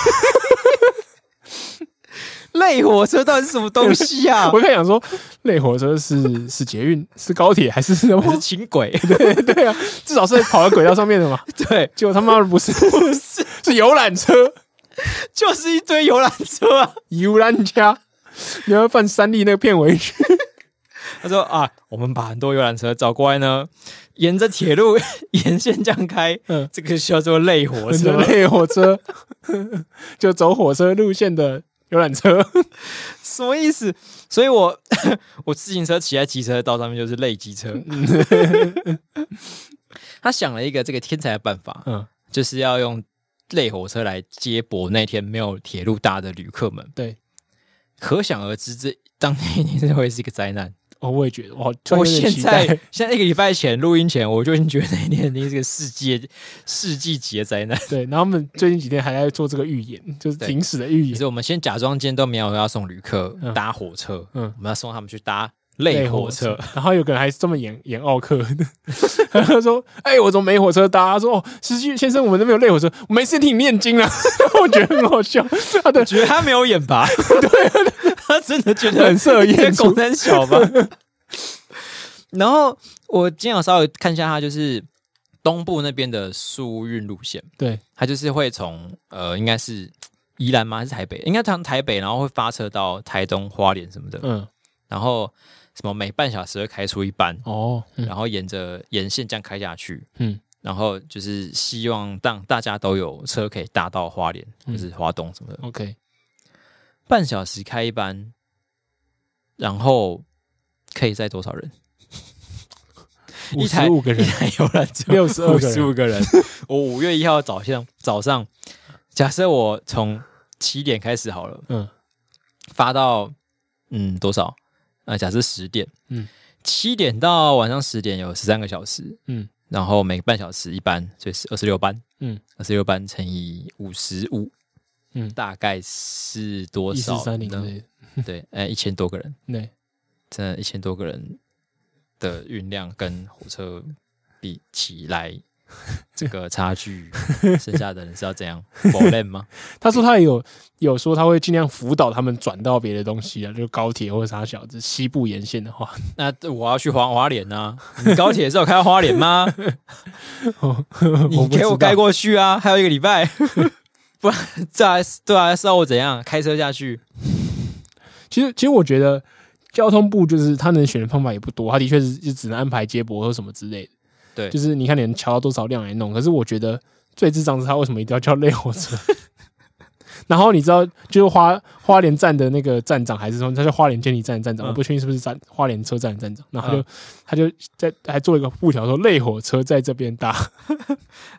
類火車到底是什麼東西啊？ 我剛想說，類火車是是捷運、是高鐵還是什麼？是輕軌？對對啊，至少是跑到軌道上面的嘛。 對，就他媽的不是不是 是遊覽車，就是一堆遊覽車、啊。遊覽車，你要放三立那個片尾曲。 他說啊，我們把很多遊覽車找過來呢，沿着鐵路沿線這樣開，嗯、這個叫做類火車。類火車就走火車路線的。遊覽車 什麼意思？所以我，我 我自行車騎在機車道上面就是類機車。 他想了一個這個天才的辦法，嗯，就是要用類火車來接駁那天沒有鐵路搭的旅客們。對，可想而知，這當天一定是會是一個災難。我也覺得哇！我現在現在一個禮拜前錄 音前，我就已經覺得那一年是個世界 世紀級的災難。對，然後我們最近幾天還在做這個預演，就是停駛的預演。所以我們先假裝今天都沒有要送旅客搭火車，嗯，我們要送他們去搭。嗯嗯累火車，火車然後有個人還是這麼演演奧客。 然後他說：“哎、欸，我怎麼沒火車搭、啊？”他說：“哦，失去先生，我們那邊有累火車，每次聽你念經啊，我覺得很好笑。 啊”他的覺得他沒有演吧？對， 他真的覺得很色，因為供三小嘛。 然後我今天有稍微看一下他，他就是東部那邊的疏運路線，對他就是會從呃，應該是宜蘭嗎？還是台北？應該從台北，然後會發車到台東、花蓮什麼的。嗯，然後。什麼每半小時會開出一班哦，嗯、然後沿着沿線這樣開下去，嗯，然後就是希望讓大家都有車可以搭到花蓮或者華東什麼的。嗯、OK，半小時開一班，然後可以載多少人？ 一台五十五個人，六十五個，五十五個人。我五月一號早上早上，假設我從七點開始好了，嗯，發到嗯多少？啊、呃，假設十點，嗯，七點到晚上十點有十三個小時，嗯，然後每半小時一班，所以是二十六班，嗯，二十六班乘以五十五，嗯，大概是多少？一四三零，對，對，一千、 欸、多個人，對，這一千多個人的運量跟火車比起來，這個差距，剩下的人是要怎樣否認嗎？ 他說他有有說他會儘量輔導他們轉到別的東西啊，就高鐵或者啥小子，西部沿線的話，那我要去黃花，花蓮啊，你高鐵也是有開花蓮嗎？ 你給我蓋過去啊，還有一個禮拜，不然再還對都還是要我怎樣開車下去？其實，其實我覺得交通部就是他能選的方法也不多，他的確是就只能安排接駁或什麼之類的。對，就是你看你能敲到多少量來弄，可是我覺得最智障的是他為什麼一定要叫類火車？ 然後你知道，就是花花蓮站的那個站長還是說，他是花蓮監理站的站長，嗯、我不確定是不是站花蓮車站的站長。然後他就、嗯、他就在還做了一個布條說類火車在這邊搭，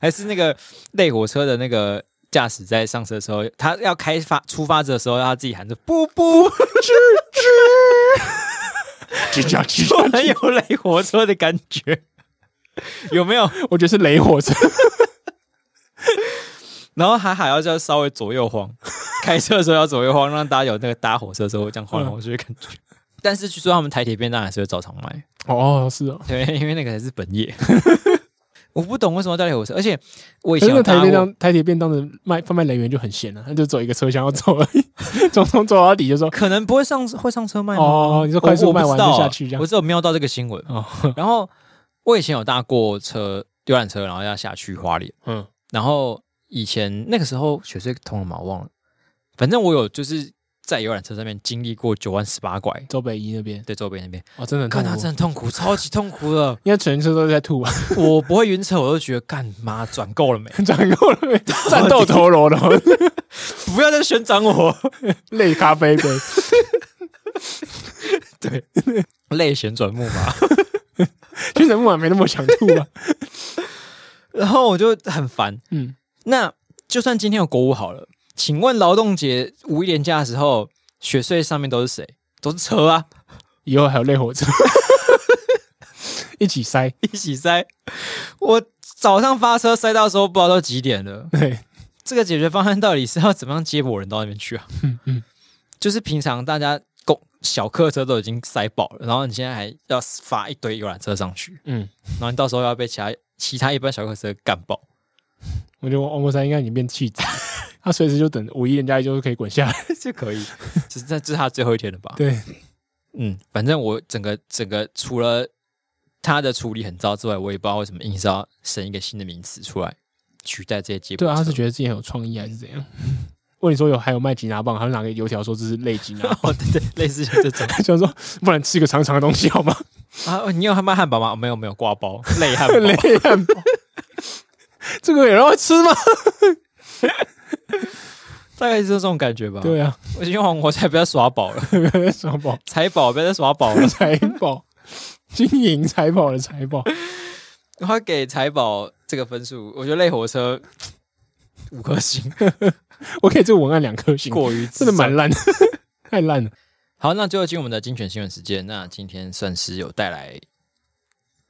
還是那個類火車的那個駕駛在上車的時候，他要開發出發的時候，他自己喊着 不不去，很 有類火車的感覺。 有沒有？我覺得是類火車。 然後還好要要稍微左右晃，開車的時候要左右晃，讓大家有那個搭火車的時候這樣晃來晃去的感覺。但是據說他們台鐵便當還是會照常賣哦，是啊、哦，對，因為那個還是本業。我不懂為什麼搭類火車，而且真的台鐵便當，台鐵便當的賣販賣人員就很閒了，他就走一個車廂，要走，從從走到底就說可能不會上，會上車賣哦，哦，哦，你說快速賣完就下去這樣我知道、啊，我只有瞄到這個新聞，然後。我以前有搭過車遊覽車，然後要下去花蓮。嗯，然後以前那個時候雪隧通了嘛，我忘了。反正我有就是在遊覽車上面經歷過九彎十八拐，就北宜那邊，對，北宜那邊啊、哦，真的很痛苦，看他真的痛苦，超級痛苦的，因為全車都在吐、啊。 我不會暈車，我都覺得幹嘛轉夠了沒？轉夠 了沒？戰鬥陀螺了， 不要再旋轉我， 類咖啡杯， 對，類旋轉木馬。 就整晚沒那麼想吐吧？ 然後我就很煩。嗯，那就算今天有國五好了。請問勞動節五一連假的時候，雪隧上面都是誰？都是車啊！以後還有類火車， 一起塞， 一起塞。我早上發車塞到時候不知道都幾點了。對，這個解決方案到底是要怎麼樣接駁人到那邊去啊？嗯嗯，嗯就是平常大家。小客車都已經塞爆了，然後你現在還要發一堆遊覽車上去，嗯，然後你到時候要被其他其他一般小客車幹爆，我覺得王國材應該已經變氣炸， 他隨時就等五一人家就可以滾下來 就可以，這、 就是就是他最後一天了吧？對，嗯，反正我整個整個除了他的處理很糟之外，我也不知道為什麼硬是要生一個新的名詞出來取代這些接駁車。對啊，他是覺得自己很有創意還是怎樣？嗯問你說有還有賣吉拿棒，還有拿個油條說這是類吉拿，哦、對，對對，類似就講就是說，不然吃一個長長的東西好嗎？啊，你有還賣漢堡嗎？沒、哦、有沒有，瓜包類漢堡，類漢 堡， 這個有人會吃嗎？ 大概就是這種感覺吧。對啊，我用我才不要耍寶了，不要 耍寶，財寶不要耍寶了，財 寶，金銀財寶的財寶，我給財寶這個分數，我覺得類火車五顆顆星。 我可以做文案兩顆星，過於真的蠻爛的， 太爛了。好，那最後進入我們的精選新聞時間。那今天算是有帶來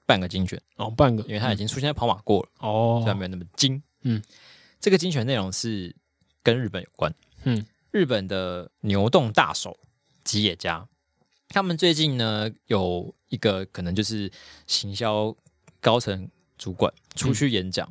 半個精選哦，半個，因為它已經出現在跑馬過了哦，雖然沒有那麼精。嗯，這個精選內容是跟日本有關。嗯，日本的牛洞大手吉野家，他們最近呢有一個可能就是行銷高層主管出去演講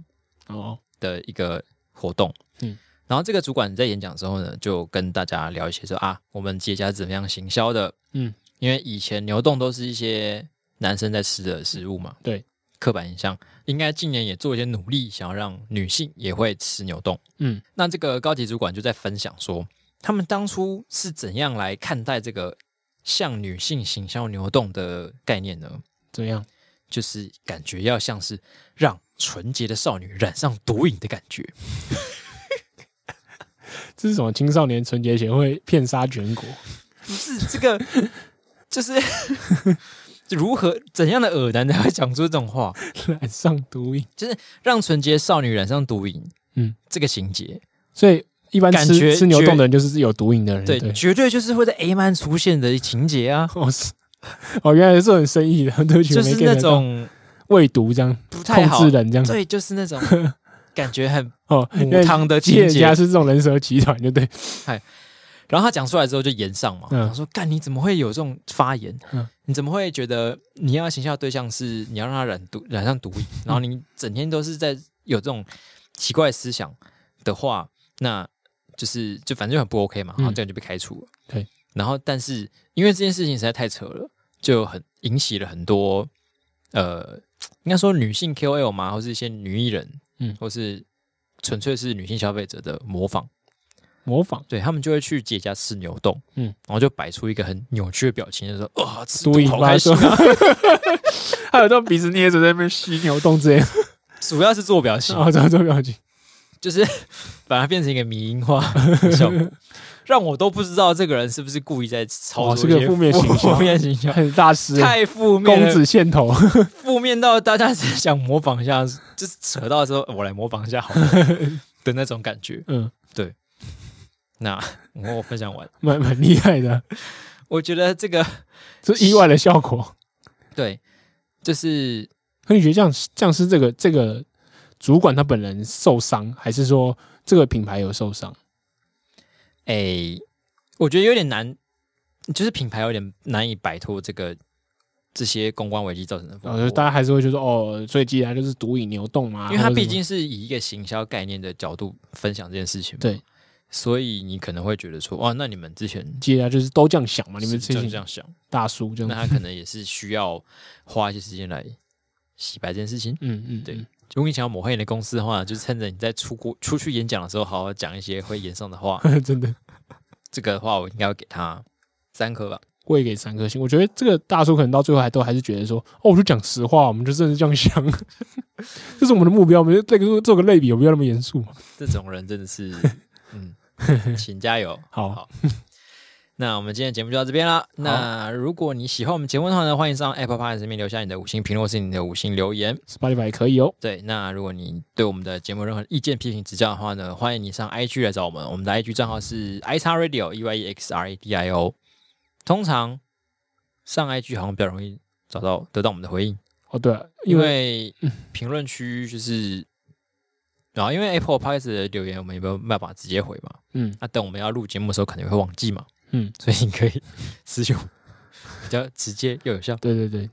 哦的一個活動。嗯。哦。嗯。然後這個主管在演講之後呢，就跟大家聊一些說啊，我們企家怎麼樣行銷的？嗯，因為以前牛洞都是一些男生在吃的食物嘛，對，刻板印象，應該近年也做一些努力，想要讓女性也會吃牛洞。嗯，那這個高級主管就在分享說，他們當初是怎樣來看待這個向女性行銷牛洞的概念呢？怎麼樣？就是感覺要像是讓純潔的少女染上毒癮的感覺。 這是什麼？青少年純潔前會騙殺全國？不是這個，就是如何怎樣的惡男才會講出這種話？染 上毒癮，就是讓純潔少女染上毒癮。嗯，這個情節，所以一般感覺吃牛洞的人就是有毒癮的人，對，對絕對就是會在 A 漫出現的情節啊。我哦，原來這種生意的。對就是那種餵毒這樣，不太好控制人這樣，對，就是那種。 感覺很的哦，母湯的姐姐，家是這種人蛇集團，就對。哎，然後他講出來之後就炎上嘛，他、嗯、說：“幹你怎麼會有這種發言？嗯、你怎麼會覺得你要形象的對象是你要讓他染毒染上毒癮，然後你整天都是在有這種奇怪思想的話，嗯、那就是就反正就很不 OK 嘛，然後這樣就被開除了。嗯、對，然後但是因為這件事情實在太扯了，就很引起了很多呃，應該說女性 KOL 嘛，或是一些女藝人。”嗯，或是純粹是女性消費者的模仿，模仿，對他們就會去姐家吃牛洞，嗯，然後就擺出一個很扭曲的表情，就是、說：“哦吃兔好開心啊！”還 有用鼻子捏着在那邊吸牛洞這樣 主要是做表情，主要、啊、做，做表情，就是把它變成一個迷因化效果。 讓我都不知道這個人是不是故意在操作，是、這個負面形象，負面形象很大師，太負面，公子線頭，負面到大家只想模仿一下， 就是扯到的時候我來模仿一下好了 的那種感覺。嗯，對。那我分享完，蠻蠻厲害的。 我覺得這個這意外的效果。 對，就是，你覺得這樣這樣是這個這個主管他本人受傷，還是說這個品牌有受傷？誒、欸，我覺得有點難，就是品牌有點難以擺脫這個這些公關危機造成的大。嗯，就是、大家還是會覺得，哦，接下來就是毒癮牛動嘛、啊，因為他畢竟是以一個行銷概念的角度分享這件事情嘛。對，所以你可能會覺得說，哇、啊，那你們之前接下來就是都這樣想嘛？你們之前就就這樣想，大叔這樣，那他可能也是需要花一些時間來洗白這件事情。嗯 嗯，嗯對。如果你想要抹黑你的公司的話，就趁着你在出國出去演講的時候，好好講一些會炎上的話。 真的，這個的話我應該要給他三顆吧，會給三顆星。我覺得這個大叔可能到最後還都還是覺得說，哦，我就講實話，我們就真的是這樣想， 這是我們的目標。我們就做做個類比，我們不要那麼嚴肅。這種人真的是，嗯， 請加油，好好。好那我們今天的節目就到這邊了。好那如果你喜歡我們節目的話呢，歡迎上 Apple Podcast 這邊留下你的五星評論或是你的五星留言，Spotify 也可以哦。對，那如果你對我們的節目任何意見、批評、指教的話呢，歡迎你上 IG 來找我們。我們的 IG 賬號是 i 叉 radio、嗯、e y e x r a d i o。通常上 IG 好像比較容易找到得到我們的回應哦。對、啊，因為評論區就是、嗯、然後因為 Apple Podcast 的留言，我們也沒有辦法直接回嘛。嗯，那、啊、等我們要錄節目的時候，肯定會忘記嘛。嗯，所以你可以私訊 比較直接又有效。 對對對，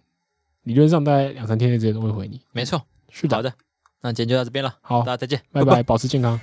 理論上大概兩三天內直接都會回你。沒錯，是吧好的，那今天就到這邊了。好，大家再見，拜拜， 保持健康。